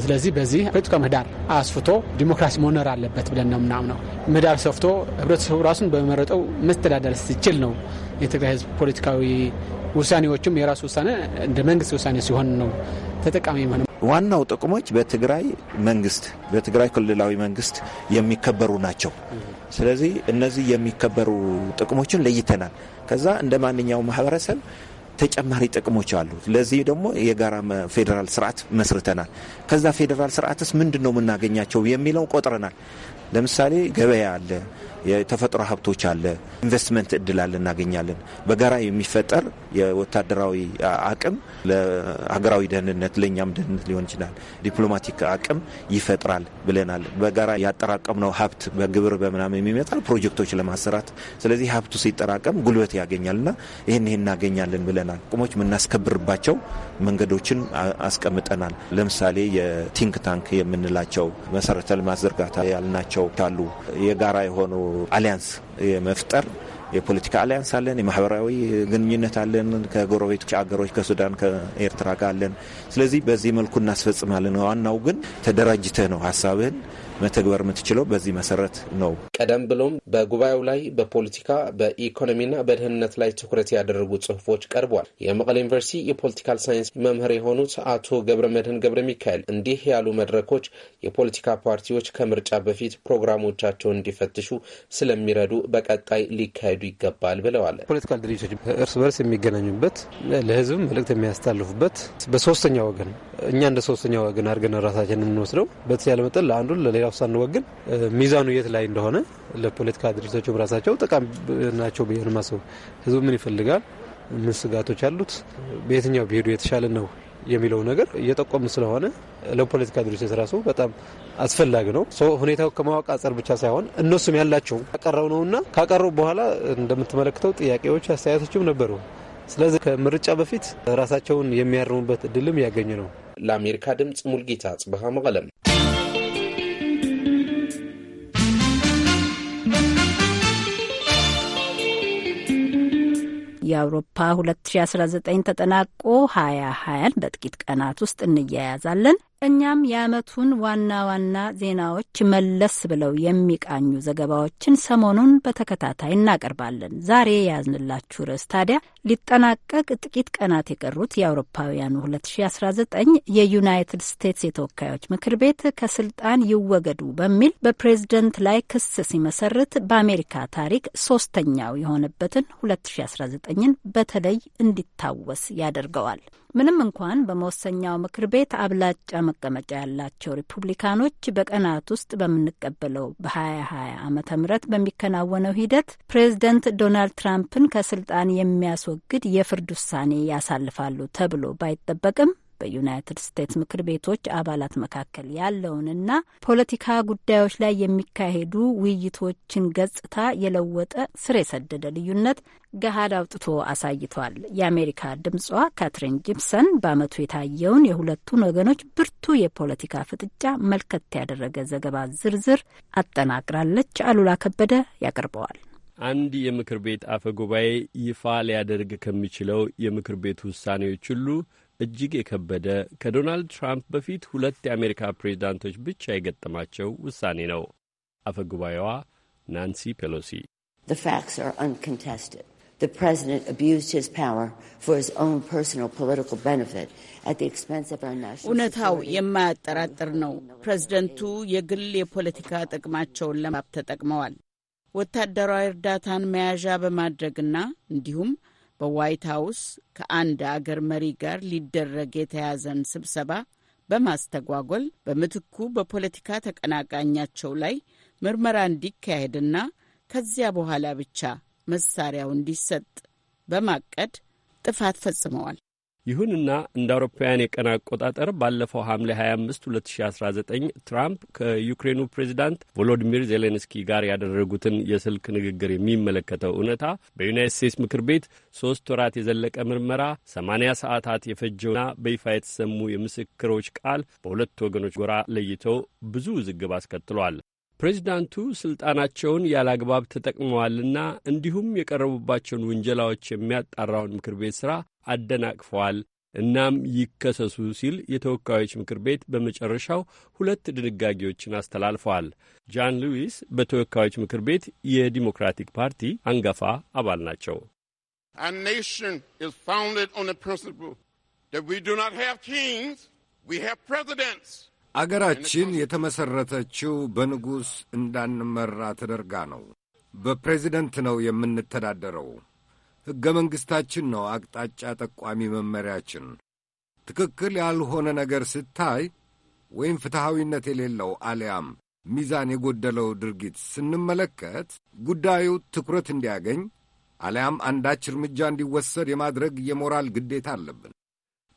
ስለዚህ በዚህ ፖለቲካ ምህዳር አስፍቶ ዲሞክራሲ መኖር አለበት ብለን ነው ምናምነው። ምህዳር ሰፍቶ ህብረተሰቡ ራሱን በመረጠው መስተዳደር ሲችል ነው የትግራይ ህዝብ ፖለቲካዊ ውሳኔዎችም የራሱ ውሳኔ እንደ መንግስት ውሳኔ ሲሆን ነው ተጠቃሚ የሆነ። ዋናው ጥቅሞች በትግራይ መንግስት በትግራይ ክልላዊ መንግስት የሚከበሩ ናቸው። ስለዚህ እነዚህ የሚከበሩ ጥቅሞችን ለይተናል። ከዛ እንደ ማንኛውም ማህበረሰብ ተጨማሪ ጥቅሞች አሉት። ለዚህ ደግሞ የጋራ ፌዴራል ስርዓት መስርተናል። ከዛ ፌዴራል ስርዓትስ ምንድን ነው የምናገኛቸው የሚለው ቆጥረናል። ለምሳሌ ገበያ አለ የተፈጥሮ ሀብቶች አለ፣ ኢንቨስትመንት እድል እናገኛለን። በጋራ የሚፈጠር የወታደራዊ አቅም ለሀገራዊ ደህንነት ለእኛም ደህንነት ሊሆን ይችላል፣ ዲፕሎማቲክ አቅም ይፈጥራል ብለናል። በጋራ ያጠራቀምነው ሀብት በግብር በምናምን የሚመጣል ፕሮጀክቶች ለማሰራት ስለዚህ ሀብቱ ሲጠራቀም ጉልበት ያገኛልና ይህን ይህን እናገኛለን ብለናል። አቅሞች የምናስከብርባቸው መንገዶችን አስቀምጠናል። ለምሳሌ የቲንክ ታንክ የምንላቸው መሰረተ ልማት ዝርጋታ ያልናቸው አሉ። የጋራ የሆኑ አሊያንስ የመፍጠር የፖለቲካ አሊያንስ አለን፣ የማህበራዊ ግንኙነት አለን፣ ከጎረቤቶች አገሮች ከሱዳን ከኤርትራ ጋር አለን። ስለዚህ በዚህ መልኩ እናስፈጽማለን። ዋናው ግን ተደራጅተህ ነው ሀሳብህን መተግበር የምትችለው በዚህ መሰረት ነው። ቀደም ብሎም በጉባኤው ላይ በፖለቲካ በኢኮኖሚና በደህንነት ላይ ትኩረት ያደረጉ ጽሁፎች ቀርቧል። የመቀሌ ዩኒቨርሲቲ የፖለቲካል ሳይንስ መምህር የሆኑት አቶ ገብረ መድህን ገብረ ሚካኤል እንዲህ ያሉ መድረኮች የፖለቲካ ፓርቲዎች ከምርጫ በፊት ፕሮግራሞቻቸውን እንዲፈትሹ ስለሚረዱ በቀጣይ ሊካሄዱ ይገባል ብለዋል። ፖለቲካል ድርጅቶች እርስ በርስ የሚገናኙበት ለህዝብ መልእክት የሚያስታልፉበት በሶስተኛ ወገን እኛ እንደ ሶስተኛ ወገን አድርገን ራሳችን የምንወስደው በተቻለ መጠን ለአንዱ ሌላው ሳንወግን ሚዛኑ የት ላይ እንደሆነ ለፖለቲካ ድርጅቶች ራሳቸው ጠቃሚ ናቸው ብዬ ነው የማስበው። ህዝቡ ምን ይፈልጋል፣ ምን ስጋቶች አሉት፣ በየትኛው ቢሄዱ የተሻለ ነው የሚለው ነገር እየጠቆም ስለሆነ ለፖለቲካ ድርጅቶች ራሱ በጣም አስፈላጊ ነው። ሁኔታው ከማወቅ አንጻር ብቻ ሳይሆን እነሱም ያላቸው ያቀረው ነውና ካቀረው በኋላ እንደምትመለከተው ጥያቄዎች አስተያየቶችም ነበሩ። ስለዚህ ከምርጫ በፊት ራሳቸውን የሚያርሙበት እድልም ያገኙ ነው። ለአሜሪካ ድምፅ ሙልጌታ ጽብሃ መቀለም የአውሮፓ 2019 ተጠናቆ 2020ን በጥቂት ቀናት ውስጥ እንያያዛለን። እኛም የዓመቱን ዋና ዋና ዜናዎች መለስ ብለው የሚቃኙ ዘገባዎችን ሰሞኑን በተከታታይ እናቀርባለን። ዛሬ የያዝንላችሁ ርዕስ ታዲያ ሊጠናቀቅ ጥቂት ቀናት የቀሩት የአውሮፓውያኑ 2019 የዩናይትድ ስቴትስ የተወካዮች ምክር ቤት ከስልጣን ይወገዱ በሚል በፕሬዝደንት ላይ ክስ ሲመሰርት በአሜሪካ ታሪክ ሶስተኛው የሆነበትን 2019ን በተለይ እንዲታወስ ያደርገዋል። ምንም እንኳን በመወሰኛው ምክር ቤት አብላጫ መቀመጫ ያላቸው ሪፑብሊካኖች በቀናት ውስጥ በምንቀበለው በ2020 ዓመተ ምህረት በሚከናወነው ሂደት ፕሬዝደንት ዶናልድ ትራምፕን ከስልጣን የሚያስወግድ የፍርድ ውሳኔ ያሳልፋሉ ተብሎ ባይጠበቅም በዩናይትድ ስቴትስ ምክር ቤቶች አባላት መካከል ያለውንና ፖለቲካ ጉዳዮች ላይ የሚካሄዱ ውይይቶችን ገጽታ የለወጠ ስር የሰደደ ልዩነት ገሃድ አውጥቶ አሳይቷል። የአሜሪካ ድምጿ ካትሪን ጂፕሰን በዓመቱ የታየውን የሁለቱን ወገኖች ብርቱ የፖለቲካ ፍጥጫ መልከት ያደረገ ዘገባ ዝርዝር አጠናቅራለች። አሉላ ከበደ ያቀርበዋል። አንድ የምክር ቤት አፈ ጉባኤ ይፋ ሊያደርግ ከሚችለው የምክር ቤት ውሳኔዎች ሁሉ እጅግ የከበደ ከዶናልድ ትራምፕ በፊት ሁለት የአሜሪካ ፕሬዚዳንቶች ብቻ የገጠማቸው ውሳኔ ነው። አፈ ጉባኤዋ ናንሲ ፔሎሲ እውነታው የማያጠራጥር ነው። ፕሬዝደንቱ የግል የፖለቲካ ጥቅማቸውን ለማብ ተጠቅመዋል። ወታደራዊ እርዳታን መያዣ በማድረግና እንዲሁም በዋይት ሀውስ ከአንድ አገር መሪ ጋር ሊደረግ የተያዘን ስብሰባ በማስተጓጎል በምትኩ በፖለቲካ ተቀናቃኛቸው ላይ ምርመራ እንዲካሄድና ከዚያ በኋላ ብቻ መሳሪያው እንዲሰጥ በማቀድ ጥፋት ፈጽመዋል። ይሁንና እንደ አውሮፓውያን የቀን አቆጣጠር ባለፈው ሐምሌ 25 2019 ትራምፕ ከዩክሬኑ ፕሬዚዳንት ቮሎዲሚር ዜሌንስኪ ጋር ያደረጉትን የስልክ ንግግር የሚመለከተው እውነታ በዩናይት ስቴትስ ምክር ቤት ሶስት ወራት የዘለቀ ምርመራ፣ 80 ሰዓታት የፈጀውና በይፋ የተሰሙ የምስክሮች ቃል በሁለት ወገኖች ጎራ ለይተው ብዙ ውዝግብ አስከትሏል። ፕሬዚዳንቱ ሥልጣናቸውን ያላግባብ ተጠቅመዋልና እንዲሁም የቀረቡባቸውን ውንጀላዎች የሚያጣራውን ምክር ቤት ሥራ አደናቅፈዋል፣ እናም ይከሰሱ ሲል የተወካዮች ምክር ቤት በመጨረሻው ሁለት ድንጋጌዎችን አስተላልፈዋል። ጃን ሉዊስ በተወካዮች ምክር ቤት የዲሞክራቲክ ፓርቲ አንጋፋ አባል ናቸው። ፕሬዚዳንት አገራችን የተመሠረተችው በንጉሥ እንዳንመራ ተደርጋ ነው። በፕሬዚደንት ነው የምንተዳደረው። ሕገ መንግሥታችን ነው አቅጣጫ ጠቋሚ መመሪያችን። ትክክል ያልሆነ ነገር ስታይ ወይም ፍትሐዊነት የሌለው አሊያም ሚዛን የጎደለው ድርጊት ስንመለከት ጉዳዩ ትኩረት እንዲያገኝ አሊያም አንዳች እርምጃ እንዲወሰድ የማድረግ የሞራል ግዴታ አለብን።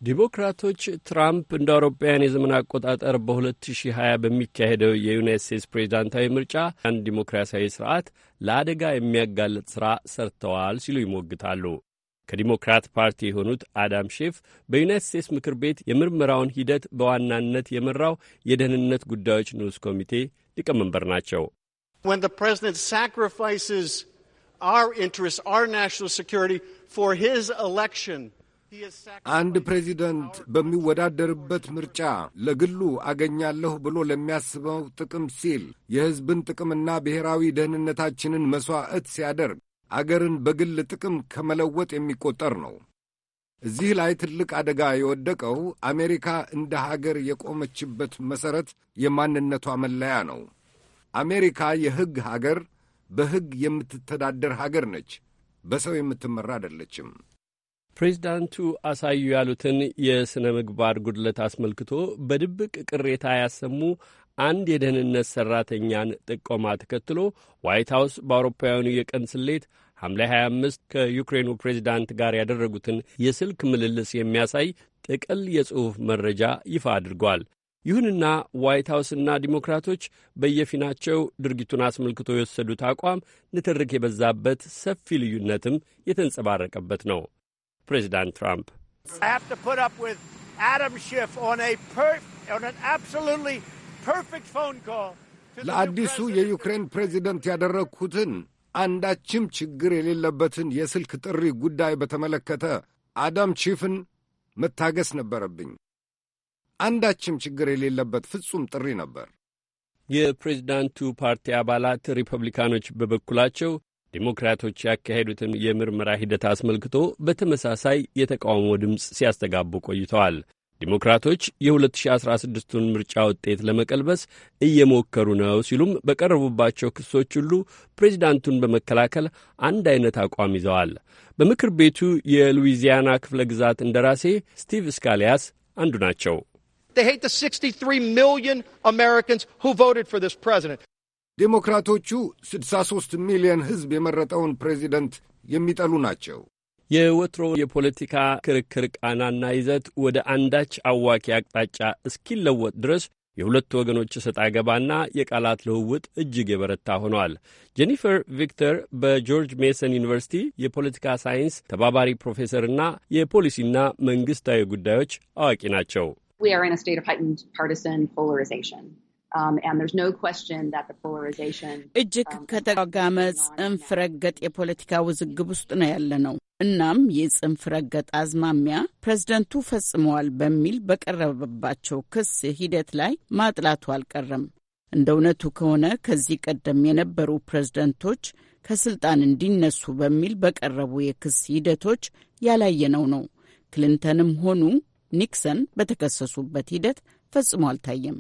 ዲሞክራቶች ትራምፕ እንደ አውሮፓውያን የዘመን አቆጣጠር በ2020 በሚካሄደው የዩናይት ስቴትስ ፕሬዚዳንታዊ ምርጫ አንድ ዲሞክራሲያዊ ስርዓት ለአደጋ የሚያጋልጥ ሥራ ሰርተዋል ሲሉ ይሞግታሉ። ከዲሞክራት ፓርቲ የሆኑት አዳም ሼፍ በዩናይት ስቴትስ ምክር ቤት የምርመራውን ሂደት በዋናነት የመራው የደህንነት ጉዳዮች ንዑስ ኮሚቴ ሊቀመንበር ናቸው። ፕሬዚደንት አንድ ፕሬዚደንት በሚወዳደርበት ምርጫ ለግሉ አገኛለሁ ብሎ ለሚያስበው ጥቅም ሲል የሕዝብን ጥቅምና ብሔራዊ ደህንነታችንን መሥዋዕት ሲያደርግ አገርን በግል ጥቅም ከመለወጥ የሚቆጠር ነው። እዚህ ላይ ትልቅ አደጋ የወደቀው አሜሪካ እንደ ሀገር የቆመችበት መሠረት የማንነቷ መለያ ነው። አሜሪካ የሕግ ሀገር፣ በሕግ የምትተዳደር ሀገር ነች። በሰው የምትመራ አይደለችም። ፕሬዚዳንቱ አሳዩ ያሉትን የሥነ ምግባር ጉድለት አስመልክቶ በድብቅ ቅሬታ ያሰሙ አንድ የደህንነት ሠራተኛን ጥቆማ ተከትሎ ዋይት ሀውስ በአውሮፓውያኑ የቀን ስሌት ሐምሌ 25 ከዩክሬኑ ፕሬዚዳንት ጋር ያደረጉትን የስልክ ምልልስ የሚያሳይ ጥቅል የጽሑፍ መረጃ ይፋ አድርጓል። ይሁንና ዋይት ሀውስና ዲሞክራቶች በየፊናቸው ድርጊቱን አስመልክቶ የወሰዱት አቋም ንትርክ የበዛበት ሰፊ ልዩነትም የተንጸባረቀበት ነው። ፕሬዚዳንት ትራምፕ ለአዲሱ የዩክሬን ፕሬዚደንት ያደረግሁትን አንዳችም ችግር የሌለበትን የስልክ ጥሪ ጉዳይ በተመለከተ አዳም ቺፍን መታገስ ነበረብኝ። አንዳችም ችግር የሌለበት ፍጹም ጥሪ ነበር። የፕሬዚዳንቱ ፓርቲ አባላት ሪፐብሊካኖች በበኩላቸው ዲሞክራቶች ያካሄዱትን የምርመራ ሂደት አስመልክቶ በተመሳሳይ የተቃውሞ ድምፅ ሲያስተጋቡ ቆይተዋል። ዲሞክራቶች የ2016ቱን ምርጫ ውጤት ለመቀልበስ እየሞከሩ ነው ሲሉም በቀረቡባቸው ክሶች ሁሉ ፕሬዚዳንቱን በመከላከል አንድ አይነት አቋም ይዘዋል። በምክር ቤቱ የሉዊዚያና ክፍለ ግዛት እንደራሴ ስቲቭ ስካሊያስ አንዱ ናቸው። They hate the 63 million Americans who voted for this president. ዴሞክራቶቹ 63 ሚሊዮን ሕዝብ የመረጠውን ፕሬዚደንት የሚጠሉ ናቸው። የወትሮ የፖለቲካ ክርክር ቃናና ይዘት ወደ አንዳች አዋኪ አቅጣጫ እስኪለወጥ ድረስ የሁለቱ ወገኖች እሰጥ አገባና የቃላት ልውውጥ እጅግ የበረታ ሆኗል። ጄኒፈር ቪክተር በጆርጅ ሜሰን ዩኒቨርሲቲ የፖለቲካ ሳይንስ ተባባሪ ፕሮፌሰርና የፖሊሲና መንግሥታዊ ጉዳዮች አዋቂ ናቸው። Um, እጅግ um, ከተጋጋመ ጽንፍ ረገጥ የፖለቲካ ውዝግብ ውስጥ ነው ያለ ነው። እናም የጽንፍ ረገጥ አዝማሚያ ፕሬዝደንቱ ፈጽመዋል በሚል በቀረበባቸው ክስ ሂደት ላይ ማጥላቱ አልቀረም። እንደ እውነቱ ከሆነ ከዚህ ቀደም የነበሩ ፕሬዝደንቶች ከስልጣን እንዲነሱ በሚል በቀረቡ የክስ ሂደቶች ያላየነው ነው። ክሊንተንም ሆኑ ኒክሰን በተከሰሱበት ሂደት ፈጽሞ አልታየም።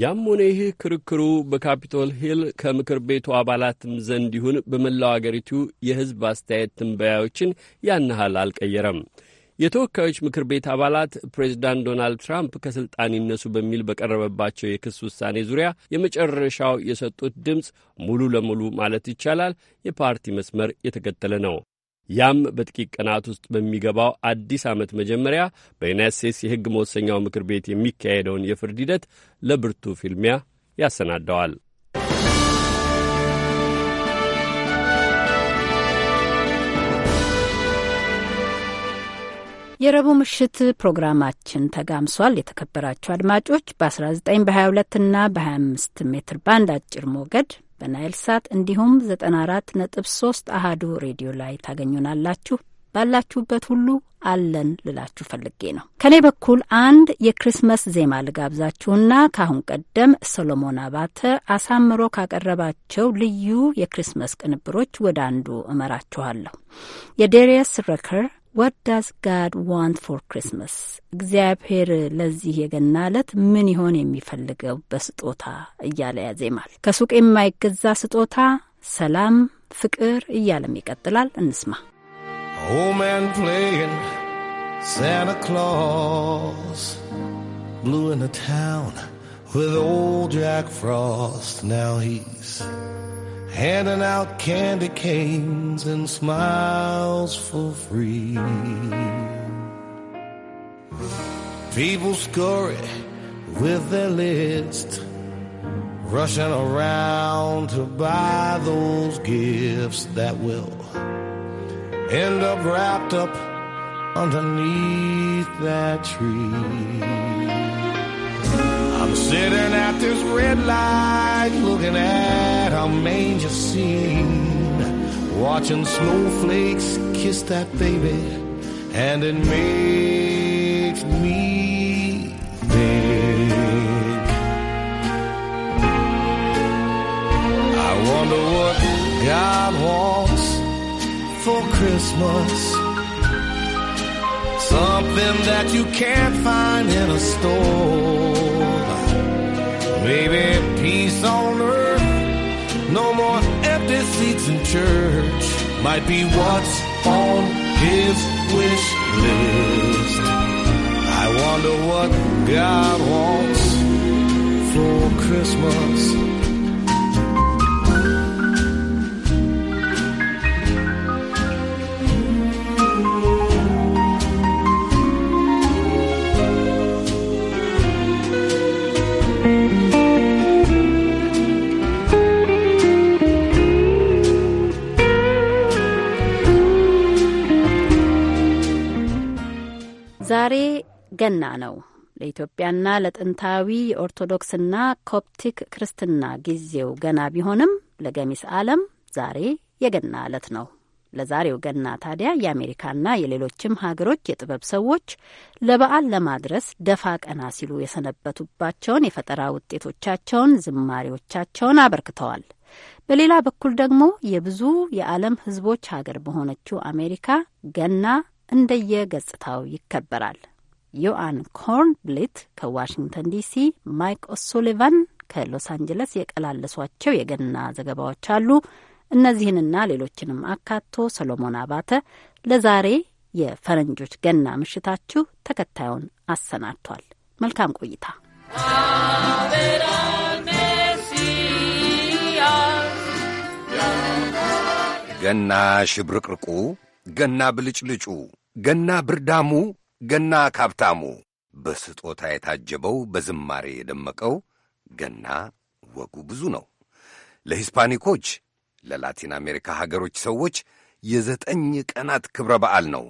ያም ሆነ ይህ ክርክሩ በካፒቶል ሂል ከምክር ቤቱ አባላትም ዘንድ ይሁን በመላው አገሪቱ የሕዝብ አስተያየት ትንበያዎችን ያን አልቀየረም። የተወካዮች ምክር ቤት አባላት ፕሬዚዳንት ዶናልድ ትራምፕ ከሥልጣን ይነሱ በሚል በቀረበባቸው የክስ ውሳኔ ዙሪያ የመጨረሻው የሰጡት ድምፅ ሙሉ ለሙሉ ማለት ይቻላል የፓርቲ መስመር የተከተለ ነው። ያም በጥቂት ቀናት ውስጥ በሚገባው አዲስ ዓመት መጀመሪያ በዩናይት ስቴትስ የሕግ መወሰኛው ምክር ቤት የሚካሄደውን የፍርድ ሂደት ለብርቱ ፊልሚያ ያሰናደዋል። የረቡዕ ምሽት ፕሮግራማችን ተጋምሷል። የተከበራችሁ አድማጮች በ19 በ22 እና በ25 ሜትር ባንድ አጭር ሞገድ በናይል ሳት እንዲሁም 94.3 አሃዱ ሬዲዮ ላይ ታገኙናላችሁ። ባላችሁበት ሁሉ አለን ልላችሁ ፈልጌ ነው። ከኔ በኩል አንድ የክሪስመስ ዜማ ልጋብዛችሁና ከአሁን ቀደም ሰሎሞን አባተ አሳምሮ ካቀረባቸው ልዩ የክሪስመስ ቅንብሮች ወደ አንዱ እመራችኋለሁ። የዴሪየስ ረከር ዋት ዳስ ጋድ ዋንት ፎር ክሪስመስ እግዚአብሔር ለዚህ የገና ዕለት ምን ይሆን የሚፈልገው በስጦታ እያለ ያዜማል። ከሱቅ የማይገዛ ስጦታ ሰላም፣ ፍቅር እያለም ይቀጥላል። እንስማ። Old man playing Santa Claus blew in the town with old Jack Frost. Now he's handing out candy canes and smiles for free. People scurry with their list, rushing around to buy those gifts that will end up wrapped up underneath that tree. I'm sitting at this red light, looking at a manger scene, watching snowflakes kiss that baby, and it makes me think. I wonder what God wants for Christmas. Something that you can't find in a store peace on earth. No more empty seats in church. Might be what's on his wish list. I wonder what God wants for Christmas. ዛሬ ገና ነው። ለኢትዮጵያና ለጥንታዊ ኦርቶዶክስና ኮፕቲክ ክርስትና ጊዜው ገና ቢሆንም ለገሚስ ዓለም ዛሬ የገና ዕለት ነው። ለዛሬው ገና ታዲያ የአሜሪካና የሌሎችም ሀገሮች የጥበብ ሰዎች ለበዓል ለማድረስ ደፋ ቀና ሲሉ የሰነበቱባቸውን የፈጠራ ውጤቶቻቸውን፣ ዝማሪዎቻቸውን አበርክተዋል። በሌላ በኩል ደግሞ የብዙ የዓለም ሕዝቦች ሀገር በሆነችው አሜሪካ ገና እንደየገጽታው ይከበራል። ዮአን ኮርን ብሌት ከዋሽንግተን ዲሲ፣ ማይክ ኦሶሊቫን ከሎስ አንጀለስ የቀላለሷቸው የገና ዘገባዎች አሉ። እነዚህንና ሌሎችንም አካቶ ሰሎሞን አባተ ለዛሬ የፈረንጆች ገና ምሽታችሁ ተከታዩን አሰናድቷል። መልካም ቆይታ። ገና ሽብርቅርቁ፣ ገና ብልጭልጩ፣ ገና ብርዳሙ፣ ገና ካብታሙ፣ በስጦታ የታጀበው በዝማሬ የደመቀው ገና ወጉ ብዙ ነው። ለሂስፓኒኮች፣ ለላቲን አሜሪካ ሀገሮች ሰዎች የዘጠኝ ቀናት ክብረ በዓል ነው።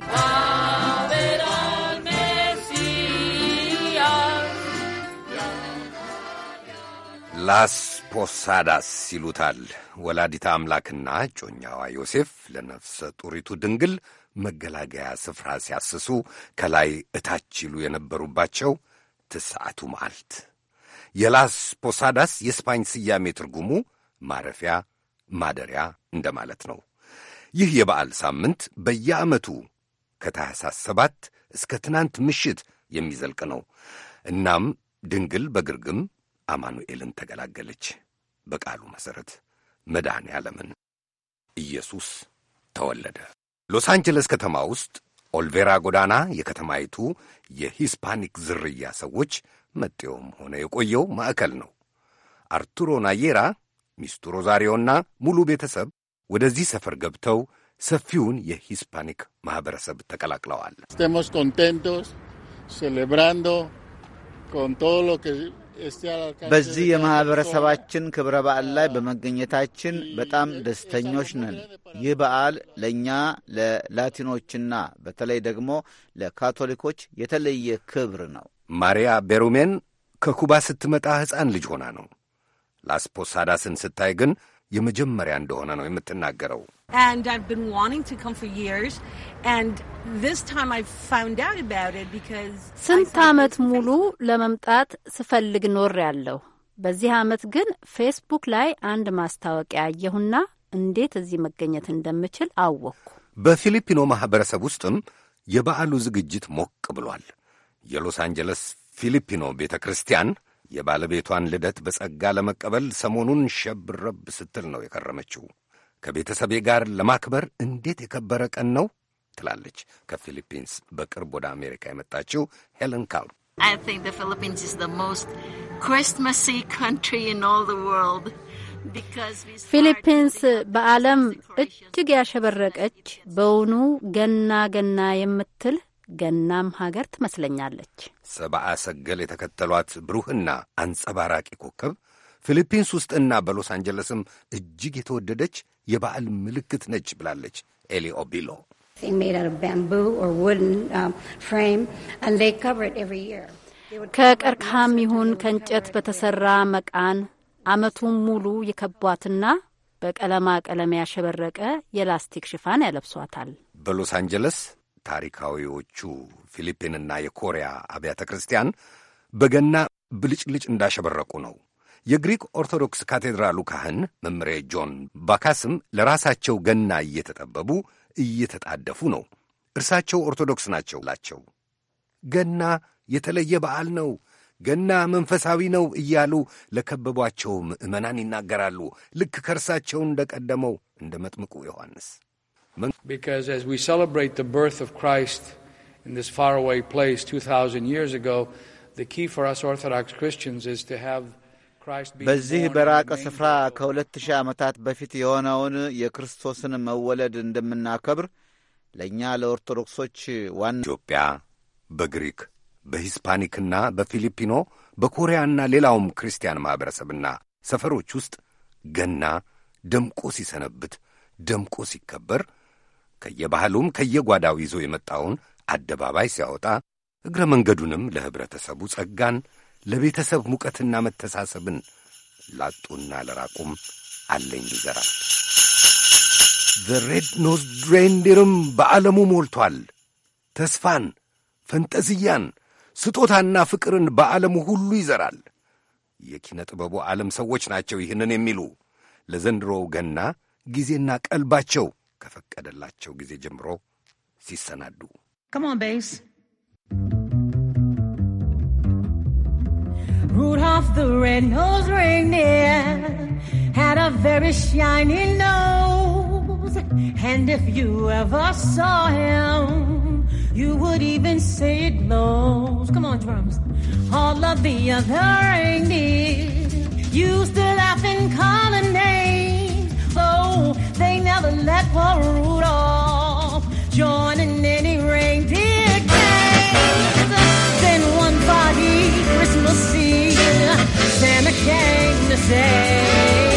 ላስ ፖሳዳስ ይሉታል። ወላዲታ አምላክና ጮኛዋ ዮሴፍ ለነፍሰ ጡሪቱ ድንግል መገላገያ ስፍራ ሲያስሱ ከላይ እታች ይሉ የነበሩባቸው ትስዓቱ መዓልት። የላስ ፖሳዳስ የስፓኝ ስያሜ ትርጉሙ ማረፊያ፣ ማደሪያ እንደማለት ነው። ይህ የበዓል ሳምንት በየዓመቱ ከታህሳስ ሰባት እስከ ትናንት ምሽት የሚዘልቅ ነው። እናም ድንግል በግርግም አማኑኤልን ተገላገለች። በቃሉ መሠረት መድኃኔ ዓለምን ኢየሱስ ተወለደ። ሎስ አንጀለስ ከተማ ውስጥ ኦልቬራ ጎዳና የከተማይቱ የሂስፓኒክ ዝርያ ሰዎች መጤውም ሆነ የቆየው ማዕከል ነው። አርቱሮ ናየራ ሚስቱ ሮዛሪዮና ሙሉ ቤተሰብ ወደዚህ ሰፈር ገብተው ሰፊውን የሂስፓኒክ ማኅበረሰብ ተቀላቅለዋል። በዚህ የማኅበረሰባችን ክብረ በዓል ላይ በመገኘታችን በጣም ደስተኞች ነን። ይህ በዓል ለእኛ ለላቲኖችና በተለይ ደግሞ ለካቶሊኮች የተለየ ክብር ነው። ማሪያ ቤሩሜን ከኩባ ስትመጣ ሕፃን ልጅ ሆና ነው። ላስፖሳዳስን ስታይ ግን የመጀመሪያ እንደሆነ ነው የምትናገረው። ስንት ዓመት ሙሉ ለመምጣት ስፈልግ ኖር ያለሁ። በዚህ ዓመት ግን ፌስቡክ ላይ አንድ ማስታወቂያ አየሁና እንዴት እዚህ መገኘት እንደምችል አወቅኩ። በፊሊፒኖ ማኅበረሰብ ውስጥም የበዓሉ ዝግጅት ሞቅ ብሏል። የሎስ አንጀለስ ፊሊፒኖ ቤተ ክርስቲያን የባለቤቷን ልደት በጸጋ ለመቀበል ሰሞኑን ሸብረብ ስትል ነው የከረመችው። ከቤተሰቤ ጋር ለማክበር እንዴት የከበረ ቀን ነው ትላለች። ከፊሊፒንስ በቅርብ ወደ አሜሪካ የመጣችው ሄለን ካል ፊሊፒንስ በዓለም እጅግ ያሸበረቀች በውኑ ገና ገና የምትል ገናም ሀገር ትመስለኛለች። ሰብአ ሰገል የተከተሏት ብሩህና አንጸባራቂ ኮከብ ፊሊፒንስ ውስጥና በሎስ አንጀለስም እጅግ የተወደደች የበዓል ምልክት ነች ብላለች ኤሊ ኦቢሎ። um, ከቀርከሃም ይሁን ከእንጨት በተሰራ መቃን አመቱን ሙሉ የከቧትና በቀለማ ቀለም ያሸበረቀ የላስቲክ ሽፋን ያለብሷታል። በሎስ አንጀለስ ታሪካዊዎቹ ፊሊፒንና የኮሪያ አብያተ ክርስቲያን በገና ብልጭልጭ እንዳሸበረቁ ነው። የግሪክ ኦርቶዶክስ ካቴድራሉ ካህን መምሬ ጆን ባካስም ለራሳቸው ገና እየተጠበቡ እየተጣደፉ ነው። እርሳቸው ኦርቶዶክስ ናቸው ላቸው ገና የተለየ በዓል ነው፣ ገና መንፈሳዊ ነው እያሉ ለከበቧቸው ምዕመናን ይናገራሉ። ልክ ከእርሳቸው እንደ ቀደመው እንደ መጥምቁ ዮሐንስ Because as we celebrate the birth of Christ in this faraway place 2,000 years ago, the key for us Orthodox Christians is to have Christ be በዚህ በራቀ ስፍራ ከሁለት ሺህ ዓመታት በፊት የሆነውን የክርስቶስን መወለድ እንደምናከብር ለእኛ ለኦርቶዶክሶች ዋና ኢትዮጵያ በግሪክ በሂስፓኒክና በፊሊፒኖ በኮሪያና ሌላውም ክርስቲያን ማኅበረሰብና ሰፈሮች ውስጥ ገና ደምቆ ሲሰነብት ደምቆ ሲከበር ከየባህሉም ከየጓዳው ይዞ የመጣውን አደባባይ ሲያወጣ እግረ መንገዱንም ለኅብረተሰቡ ጸጋን፣ ለቤተሰብ ሙቀትና መተሳሰብን ላጡና ለራቁም አለኝ ይዘራል። ዘሬድ ኖዝድ ሬንዴርም በዓለሙ ሞልቷል። ተስፋን፣ ፈንጠዝያን፣ ስጦታና ፍቅርን በዓለሙ ሁሉ ይዘራል። የኪነ ጥበቡ ዓለም ሰዎች ናቸው ይህንን የሚሉ ለዘንድሮው ገና ጊዜና ቀልባቸው ከፈቀደላቸው ጊዜ ጀምሮ ሲሰናዱ Rudolph the red-nosed reindeer had a very shiny nose, and if you ever saw him, you would even say it glows. Come on, drums. All of the other reindeer used to laugh and call him names. They never let poor Rudolph join in any reindeer games. Then one foggy Christmas Eve, Santa came to say.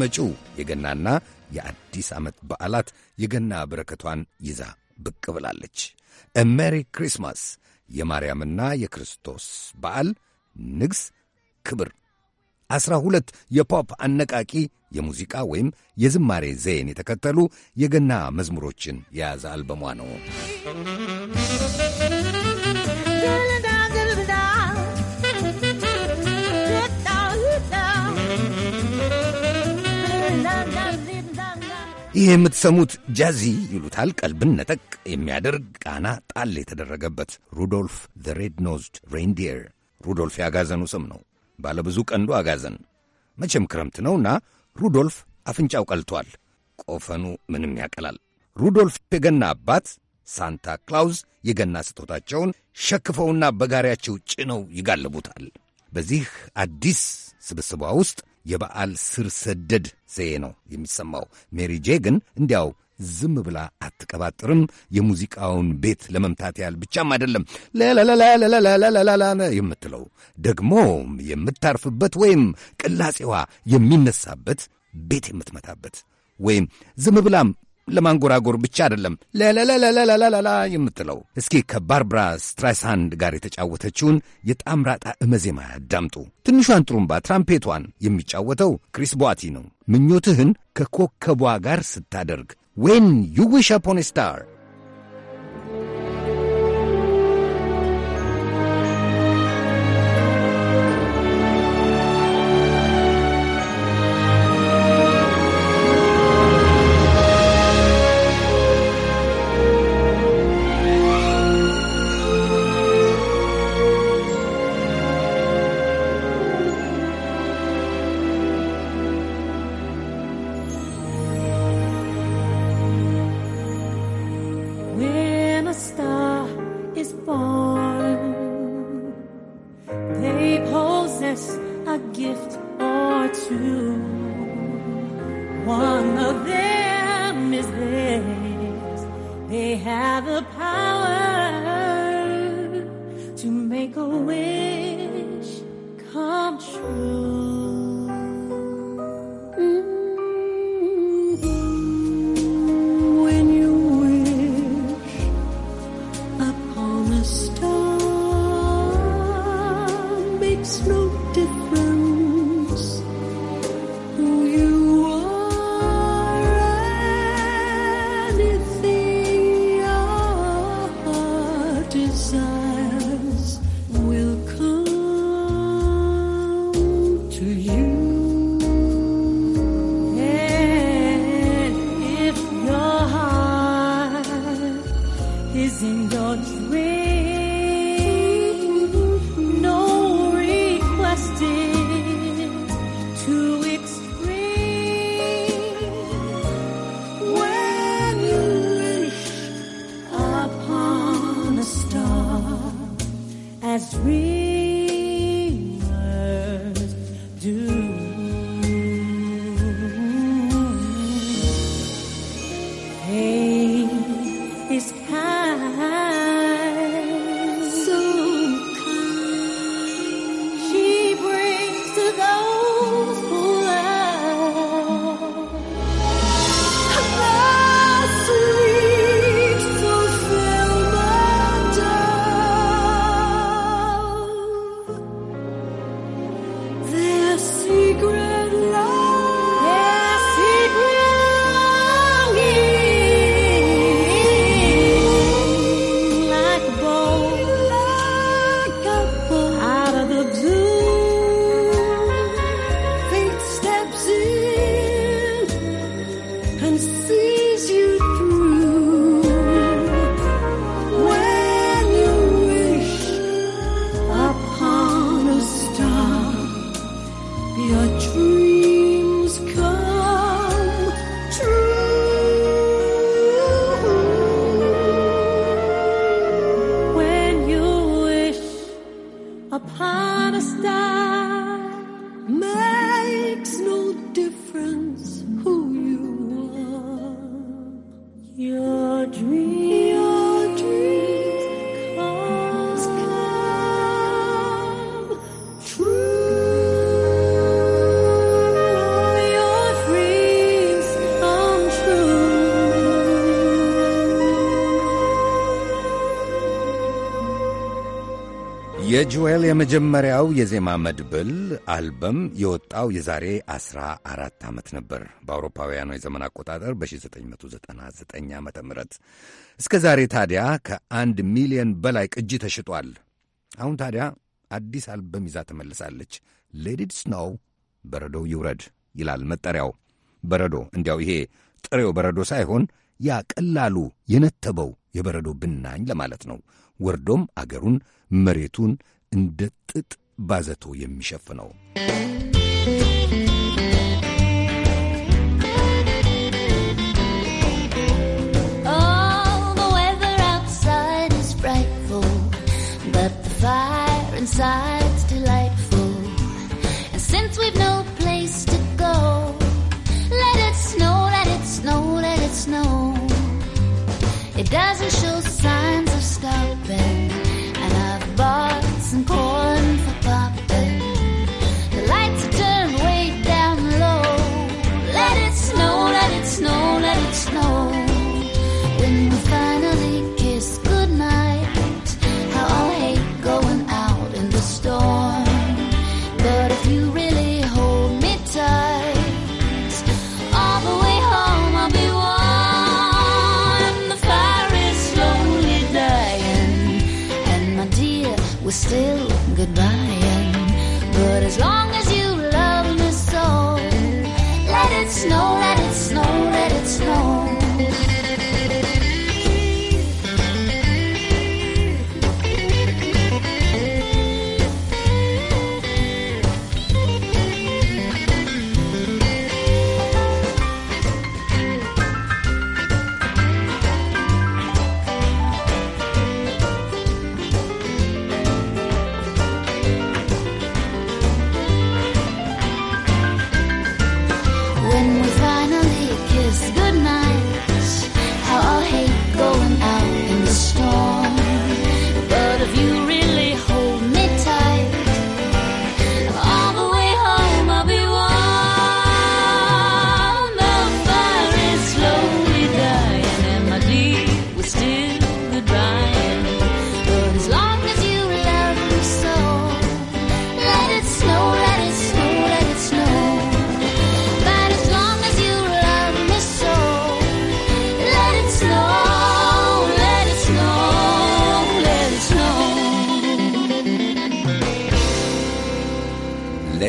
ለመጪው የገናና የአዲስ ዓመት በዓላት የገና በረከቷን ይዛ ብቅ ብላለች። ሜሪ ክሪስማስ የማርያምና የክርስቶስ በዓል ንግሥ ክብር ዐሥራ ሁለት የፖፕ አነቃቂ የሙዚቃ ወይም የዝማሬ ዘይን የተከተሉ የገና መዝሙሮችን የያዘ አልበሟ ነው። ይህ የምትሰሙት ጃዚ ይሉታል። ቀልብን ነጠቅ የሚያደርግ ቃና ጣል የተደረገበት ሩዶልፍ ዘ ሬድ ኖዝድ ሬንዲየር። ሩዶልፍ ያጋዘኑ ስም ነው። ባለብዙ ቀንዱ አጋዘን። መቼም ክረምት ነውና ሩዶልፍ አፍንጫው ቀልቷል። ቆፈኑ ምንም ያቀላል። ሩዶልፍ የገና አባት ሳንታ ክላውዝ የገና ስጦታቸውን ሸክፈውና በጋሪያቸው ጭነው ይጋልቡታል። በዚህ አዲስ ስብስቧ ውስጥ የበዓል ስር ሰደድ ዘዬ ነው የሚሰማው። ሜሪ ጄ ግን እንዲያው ዝም ብላ አትቀባጥርም። የሙዚቃውን ቤት ለመምታት ያህል ብቻም አይደለም ለላላላላላላላ የምትለው ደግሞም የምታርፍበት ወይም ቅላጼዋ የሚነሳበት ቤት የምትመታበት ወይም ዝም ብላም ለማንጎራጎር ብቻ አይደለም ለለለለለለላ የምትለው። እስኪ ከባርብራ ስትራይሳንድ ጋር የተጫወተችውን የጣምራጣ እመዜማ ያዳምጡ። ትንሿን ጥሩምባ ትራምፔቷን የሚጫወተው ክሪስ ቧቲ ነው። ምኞትህን ከኮከቧ ጋር ስታደርግ ዌን ዩ ዊሽ አፖን ስታር the power. ጆኤል የመጀመሪያው የዜማ መድብል አልበም የወጣው የዛሬ 14 ዓመት ነበር በአውሮፓውያኑ የዘመን አቆጣጠር በ1999 ዓ ም እስከ ዛሬ ታዲያ ከአንድ ሚሊዮን በላይ ቅጂ ተሽጧል። አሁን ታዲያ አዲስ አልበም ይዛ ተመልሳለች። ሌዲድ ስናው በረዶው ይውረድ ይላል መጠሪያው። በረዶ እንዲያው ይሄ ጥሬው በረዶ ሳይሆን ያ ቀላሉ የነተበው የበረዶ ብናኝ ለማለት ነው። ወርዶም አገሩን መሬቱን the እንደ but the fire inside's delightful, and since we've no place to go, let it snow, let it snow, let it snow. It doesn't show signs of stop.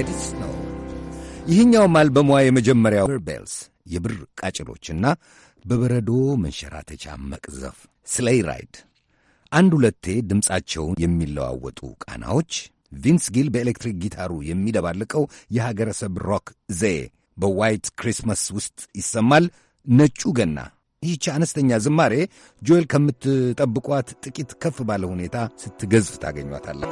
ሌት ኢት ይህኛውም አልበሟ የመጀመሪያው ቤልስ የብር ቃጭሎችና በበረዶ መንሸራተቻ መቅዘፍ፣ ስሌይ ራይድ፣ አንድ ሁለቴ ድምፃቸውን የሚለዋወጡ ቃናዎች፣ ቪንስ ጊል በኤሌክትሪክ ጊታሩ የሚደባልቀው የሀገረሰብ ሮክ ዘዬ በዋይት ክሪስማስ ውስጥ ይሰማል። ነጩ ገና ይህች አነስተኛ ዝማሬ ጆኤል ከምትጠብቋት ጥቂት ከፍ ባለ ሁኔታ ስትገዝፍ ታገኟታለህ።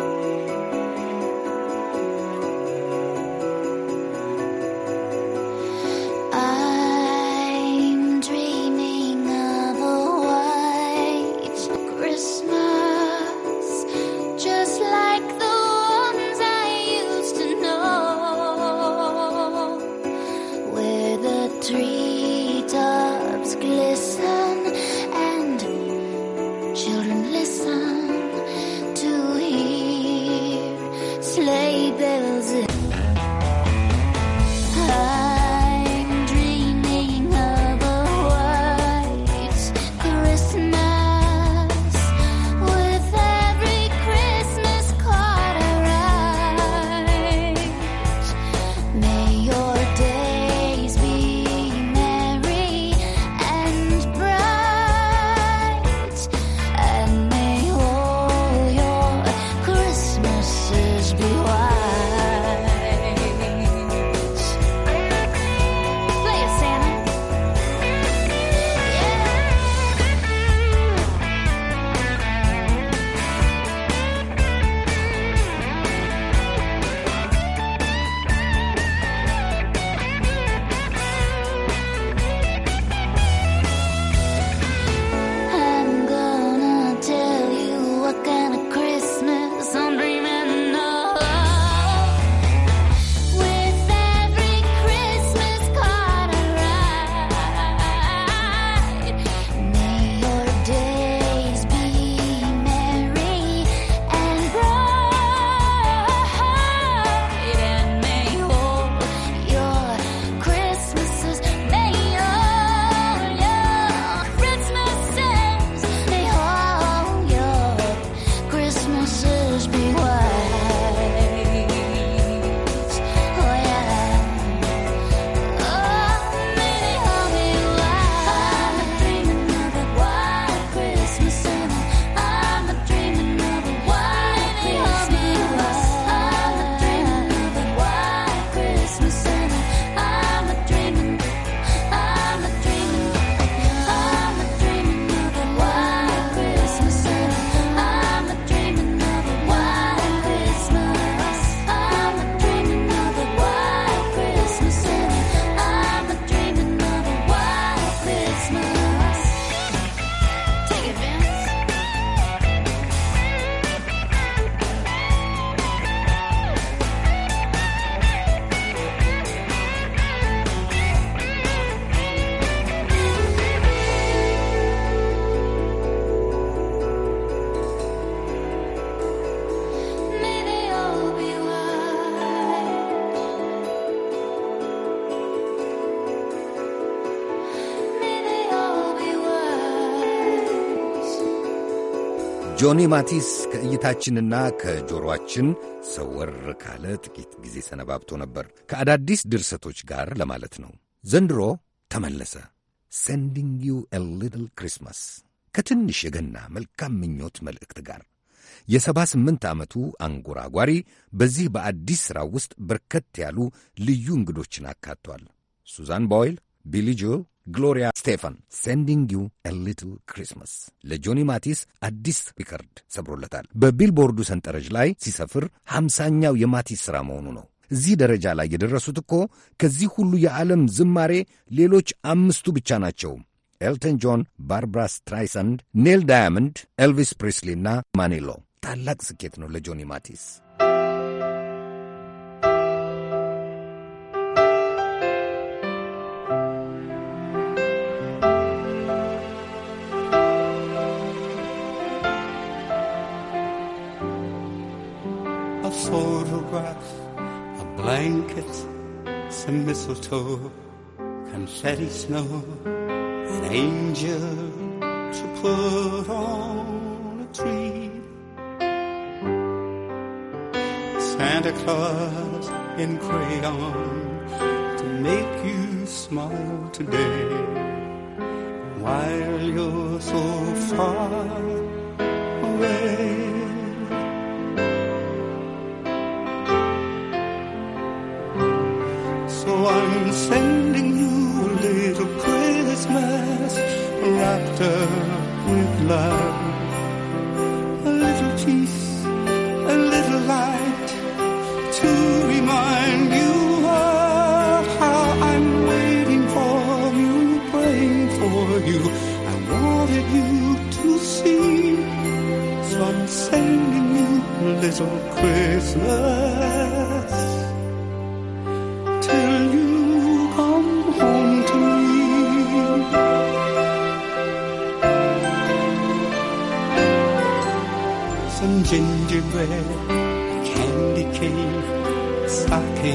ጆኒ ማቲስ ከእይታችንና ከጆሮአችን ሰወር ካለ ጥቂት ጊዜ ሰነባብቶ ነበር፣ ከአዳዲስ ድርሰቶች ጋር ለማለት ነው። ዘንድሮ ተመለሰ። ሰንዲንግ ዩ ኤ ሊትል ክሪስማስ ከትንሽ የገና መልካም ምኞት መልእክት ጋር የሰባ ስምንት ዓመቱ አንጎራጓሪ በዚህ በአዲስ ሥራ ውስጥ በርከት ያሉ ልዩ እንግዶችን አካቷል። ሱዛን ቦይል ቢሊጆ ግሎሪያ ስቴፋን ሴንዲንግ ዩ ሊትል ክሪስማስ ለጆኒ ማቲስ አዲስ ሪከርድ ሰብሮለታል። በቢልቦርዱ ሰንጠረዥ ላይ ሲሰፍር ሀምሳኛው የማቲስ ሥራ መሆኑ ነው። እዚህ ደረጃ ላይ የደረሱት እኮ ከዚህ ሁሉ የዓለም ዝማሬ ሌሎች አምስቱ ብቻ ናቸው። ኤልተን ጆን፣ ባርብራ ስትራይሰንድ፣ ኔል ዳያመንድ፣ ኤልቪስ ፕሪስሊ እና ማኒሎ። ታላቅ ስኬት ነው ለጆኒ ማቲስ። a blanket, some mistletoe, confetti snow, an angel to put on a tree. Santa Claus in crayon to make you smile today while you're so far water with love. A little peace, a little light to remind you of how I'm waiting for you, praying for you. I wanted you to see, so I'm sending you a little Christmas. square, candy cane, sake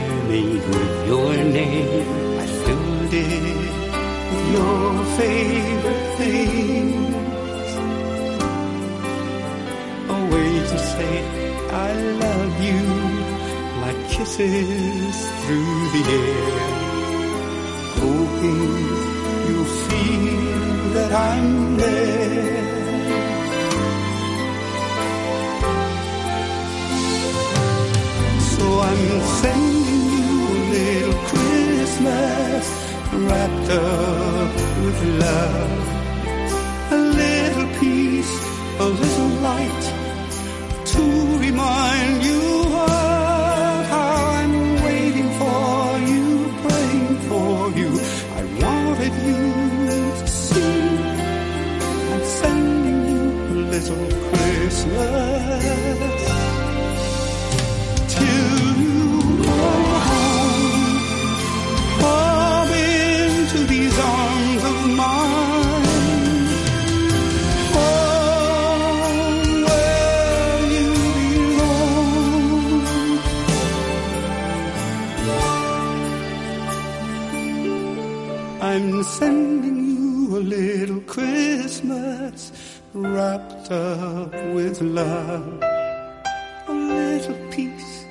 ironing with your name. I filled it with your favorite things. A way to say I love you, like kisses through the air, hoping you'll feel that I'm there. I'm sending you a little Christmas wrapped up with love. A little peace, a little light to remind you of how I'm waiting for you, praying for you. I wanted you to see. I'm sending you a little Christmas. I'm sending you a little Christmas wrapped up with love. A little peace,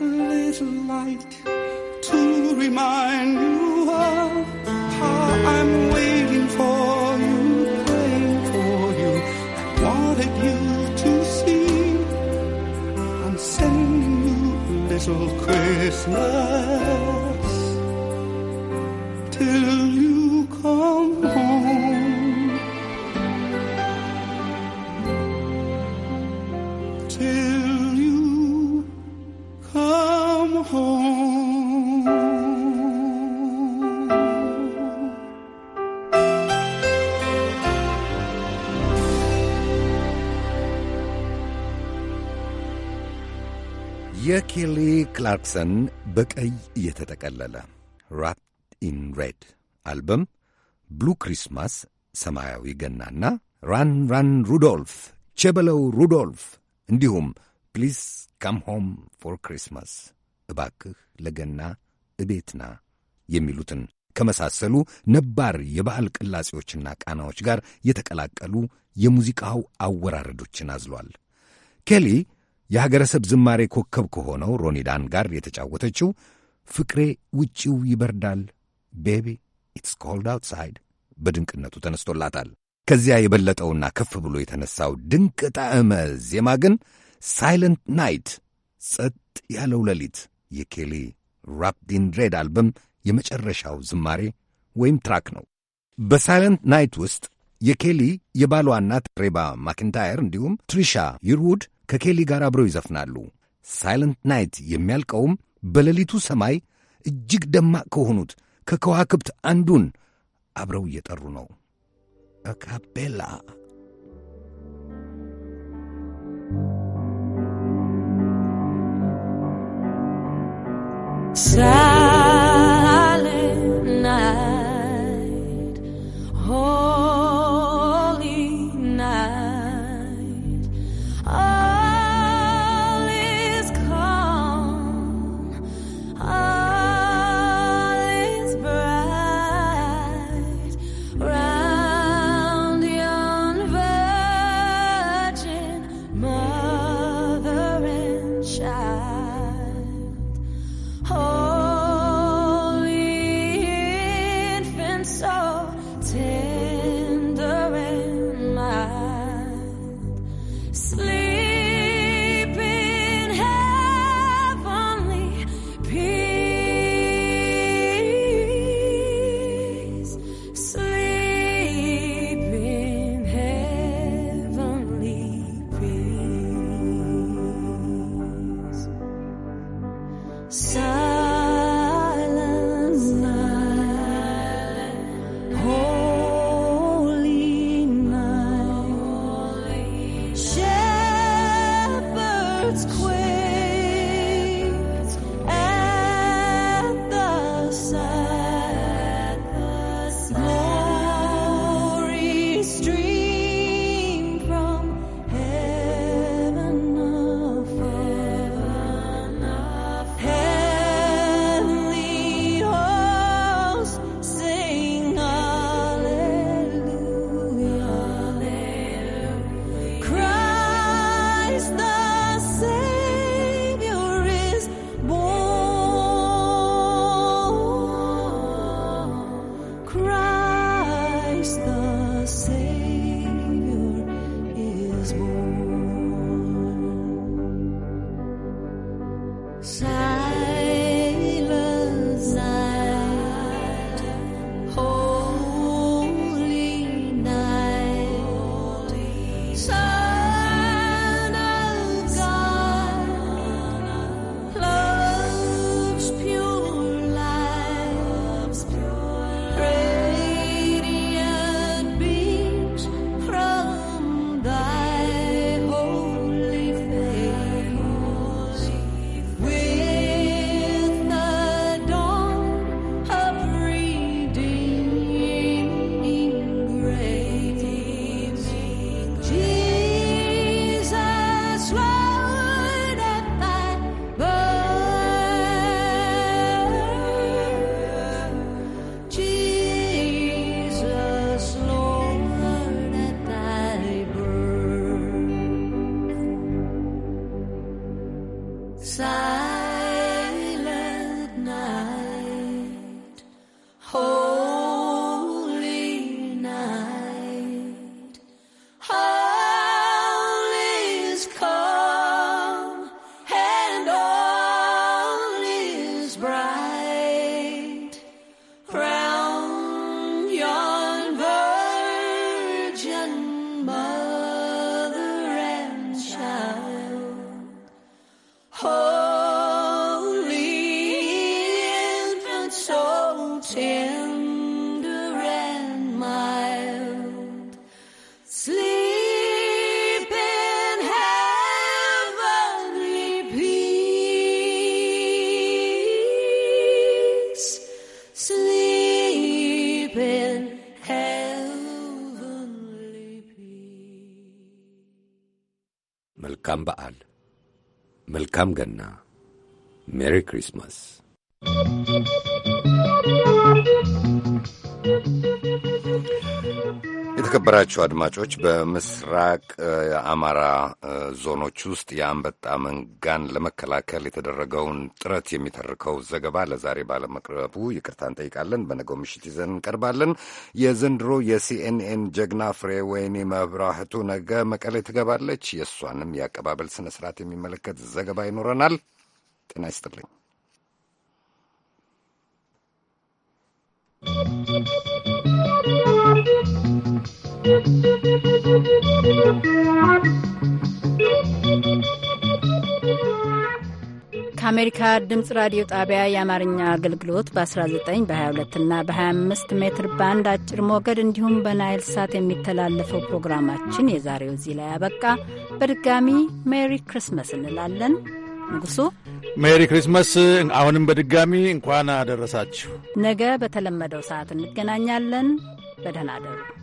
a little light to remind you of how I'm waiting for you, praying for you. I wanted you to see. I'm sending you a little Christmas till የኬሊ ክላርክሰን በቀይ የተጠቀለለ ራፕድ ኢን ሬድ አልበም ብሉ ክሪስማስ፣ ሰማያዊ ገናና ራን ራን ሩዶልፍ፣ ቸበለው ሩዶልፍ እንዲሁም ፕሊስ ካም ሆም ፎር ክሪስማስ እባክህ ለገና እቤትና የሚሉትን ከመሳሰሉ ነባር የባህል ቅላጼዎችና ቃናዎች ጋር የተቀላቀሉ የሙዚቃው አወራረዶችን አዝሏል ኬሊ የሀገረሰብ ዝማሬ ኮከብ ከሆነው ሮኒዳን ጋር የተጫወተችው ፍቅሬ ውጪው ይበርዳል ቤቢ ኢትስ ኮልድ አውትሳይድ በድንቅነቱ ተነስቶላታል። ከዚያ የበለጠውና ከፍ ብሎ የተነሳው ድንቅ ጣዕመ ዜማ ግን ሳይለንት ናይት ጸጥ ያለው ሌሊት የኬሊ ራፕዲን ሬድ አልበም የመጨረሻው ዝማሬ ወይም ትራክ ነው። በሳይለንት ናይት ውስጥ የኬሊ የባሏ እናት ሬባ ማኪንታየር እንዲሁም ትሪሻ ይርውድ ከኬሊ ጋር አብረው ይዘፍናሉ። ሳይለንት ናይት የሚያልቀውም በሌሊቱ ሰማይ እጅግ ደማቅ ከሆኑት ከከዋክብት አንዱን አብረው እየጠሩ ነው አካፔላ Sad. መልካም ገና፣ ሜሪ ክሪስማስ። የተከበራችሁ አድማጮች በምስራቅ አማራ ዞኖች ውስጥ የአንበጣ መንጋን ለመከላከል የተደረገውን ጥረት የሚተርከው ዘገባ ለዛሬ ባለመቅረቡ ይቅርታ እንጠይቃለን። በነገው ምሽት ይዘን እንቀርባለን። የዘንድሮ የሲኤንኤን ጀግና ፍሬ ወይኒ መብራህቱ ነገ መቀሌ ትገባለች። የእሷንም የአቀባበል ስነ ስርዓት የሚመለከት ዘገባ ይኖረናል። ጤና ይስጥልኝ። Thank you. ከአሜሪካ ድምፅ ራዲዮ ጣቢያ የአማርኛ አገልግሎት በ19 በ22 እና በ25 ሜትር ባንድ አጭር ሞገድ እንዲሁም በናይል ሳት የሚተላለፈው ፕሮግራማችን የዛሬው እዚህ ላይ ያበቃ። በድጋሚ ሜሪ ክርስመስ እንላለን። ንጉሱ ሜሪ ክሪስመስ። አሁንም በድጋሚ እንኳን አደረሳችሁ። ነገ በተለመደው ሰዓት እንገናኛለን። በደህና አደሩ።